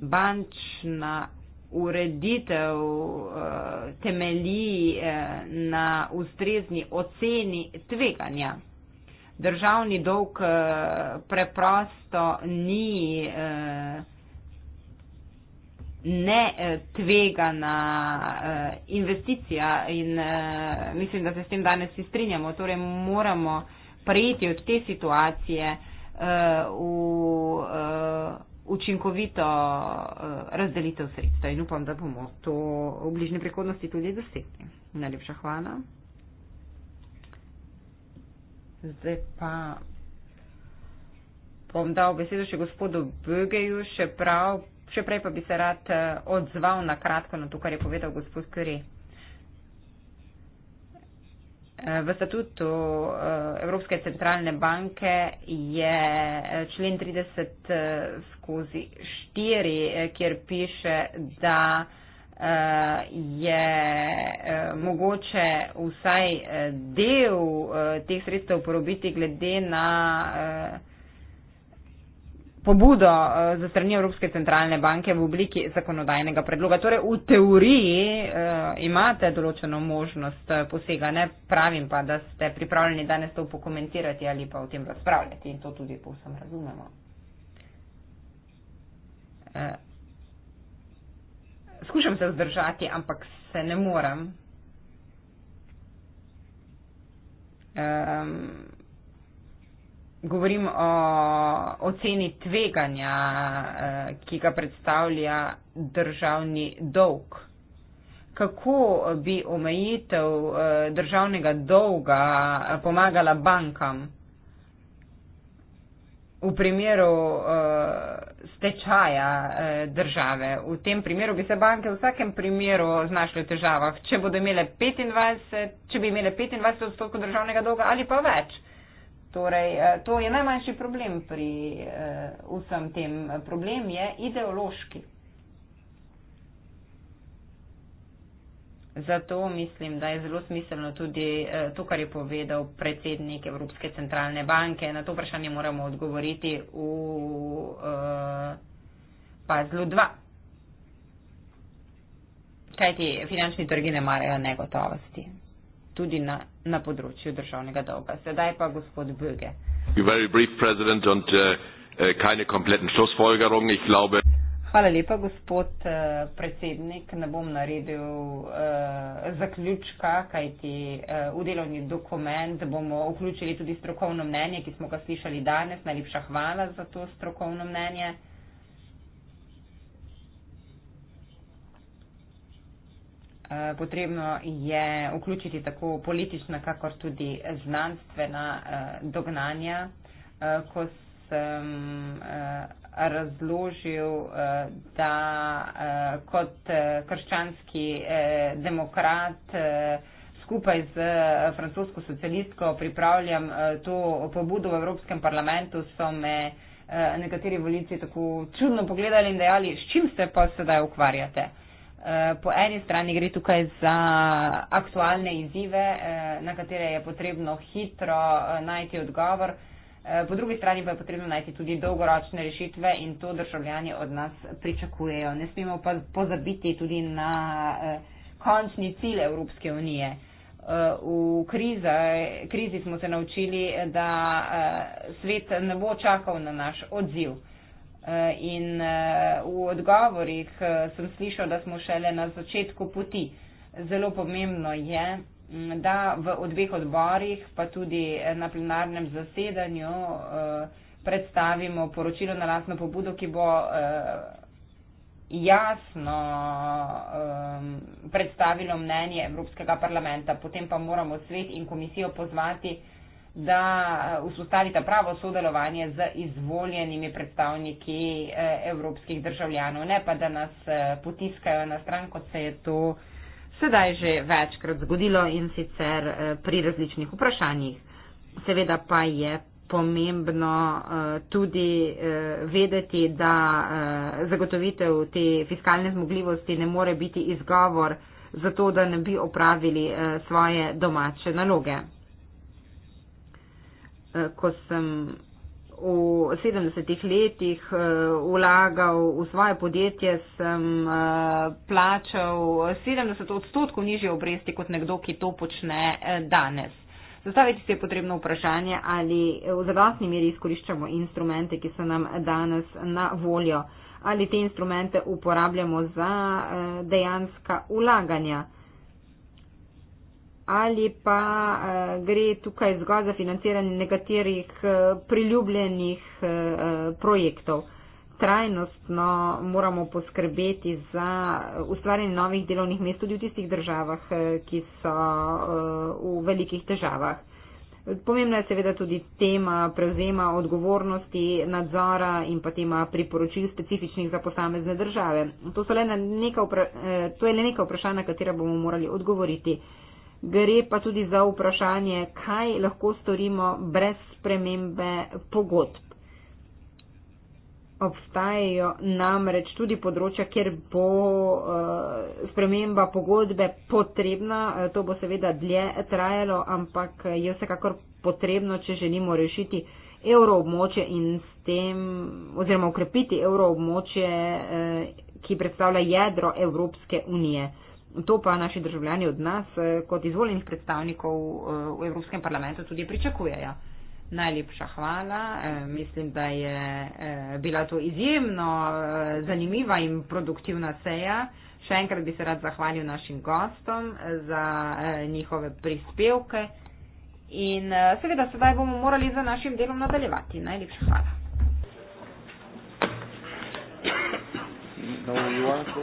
bančna ureditev uh, temelji uh, na ustrezni oceni tveganja. Državni dolg uh, preprosto ni uh, ne tvegana uh, investicija in uh, mislim, da se s tem danes vsi strinjamo. Torej moramo prejeti od te situacije uh, v. Uh, učinkovito eh, razdelitev sredstev in upam, da bomo to v bližnji prihodnosti tudi dosegli. Najlepša hvala. Zdaj pa bom dal besedo še gospodu Bögeju, še, še prej pa bi se rad eh, odzval na kratko na to, kar je povedal gospod Kri. V statutu eh, Evropske centralne banke je eh, člen 30 eh, skozi 4, kjer piše, da je mogoče vsaj del teh sredstev uporabiti glede na pobudo eh, za strani Evropske centralne banke v obliki zakonodajnega predloga. Torej, v teoriji uh, imate določeno možnost eh, posega, ne pravim pa, da ste pripravljeni danes to pokomentirati ali pa o tem razpravljati in to tudi povsem razumemo. Uh, skušam se vzdržati, ampak se ne morem. Um, govorim o oceni tveganja, eh, ki ga predstavlja državni dolg. Kako bi omejitev eh, državnega dolga eh, pomagala bankam v primeru stečaja države? V tem primeru bi se banke v vsakem primeru znašle v težavah, če, imele 25, če bi imele 25 odstotkov državnega dolga ali pa več. Torej, eh, to je najmanjši problem pri eh, vsem tem. Problem je ideološki. Zato mislim, da je zelo smiselno tudi eh, to, kar je povedal predsednik Evropske centralne banke. Na to vprašanje moramo odgovoriti v uh, pazlu 2. Kaj ti finančni trgi ne marajo negotovosti? tudi na, na področju državnega dolga. Sedaj pa gospod Böge. Uh, uh, hvala lepa, gospod uh, predsednik. Ne bom naredil uh, zaključka, kajti uh, v delovni dokument bomo vključili tudi strokovno mnenje, ki smo ga slišali danes. Najlepša hvala za to strokovno mnenje. Eh, potrebno je vključiti tako politična, kakor tudi znanstvena uh, dognanja. Uh, ko sem uh, razložil, uh, da uh, kot uh, krščanski uh, demokrat uh, skupaj z francosko socialistko pripravljam uh, to pobudo v Evropskem parlamentu, so me uh, nekateri volici tako čudno pogledali in dejali, s čim se pa sedaj ukvarjate. Uh, Eh, po eni strani gre tukaj za aktualne izzive, eh, na katere je potrebno hitro eh, najti odgovor, po drugi strani pa je potrebno najti tudi dolgoročne rešitve in to državljani od nas pričakujejo. Ne smemo pa pozabiti tudi na končni cilj Evropske unije. V krize, krizi smo se naučili, da svet ne bo čakal na naš odziv. Eh, in eh, v odgovorih eh, sem slišal, da smo šele na začetku poti. Zelo pomembno je, mm, da v dveh odborih, pa tudi na plenarnem zasedanju, predstavimo poročilo na lastno pobudo, ki bo jasno predstavilo mnenje Evropskega parlamenta. Potem pa moramo svet in komisijo pozvati, da eh, vzpostavita pravo sodelovanje z izvoljenimi predstavniki eh, evropskih državljanov, ne pa da nas eh, potiskajo na stran, kot se je to sedaj že večkrat zgodilo in sicer pri različnih vprašanjih. Seveda pa je pomembno tudi vedeti, da zagotovitev te fiskalne zmogljivosti ne more biti izgovor za to, da ne bi opravili svoje domače naloge. Eh, ko sem v 70-ih letih eh, vlagal v svoje podjetje, sem eh, plačal 70 odstotkov nižje obresti kot nekdo, ki to počne danes. Zastaviti se je potrebno vprašanje, ali v zadostni meri izkoriščamo instrumente, ki so nam danes na voljo, ali te instrumente uporabljamo za dejanska vlaganja ali pa eh, gre tukaj zgolj za financiranje nekaterih eh, priljubljenih eh, projektov. Trajnostno moramo poskrbeti za ustvarjanje novih delovnih mest tudi v tistih državah, ki so v velikih težavah. Pomembna je seveda tudi tema prevzema odgovornosti, nadzora in pa tema priporočil specifičnih za posamezne države. To, le neka to je le nekaj vprašanja, na katera bomo morali odgovoriti. Uh, gre pa tudi za vprašanje, kaj lahko storimo brez spremembe pogodb. Obstajajo namreč tudi področja, kjer bo eh, sprememba pogodbe potrebna. Eh, to bo seveda dlje trajalo, ampak je vsekakor potrebno, če želimo rešiti evroobmočje in s tem oziroma ukrepiti evroobmočje, eh, ki predstavlja jedro Evropske unije. To pa naši državljani od nas, eh, kot izvoljenih predstavnikov eh, v Evropskem parlamentu, tudi pričakujejo. Najlepša hvala. Eh, mislim, da je bila to izjemno zanimiva in produktivna seja. Še enkrat bi se rad zahvalil našim gostom za njihove prispevke. In seveda sedaj bomo morali za našim delom nadaljevati. Najlepša hvala. No, you want to.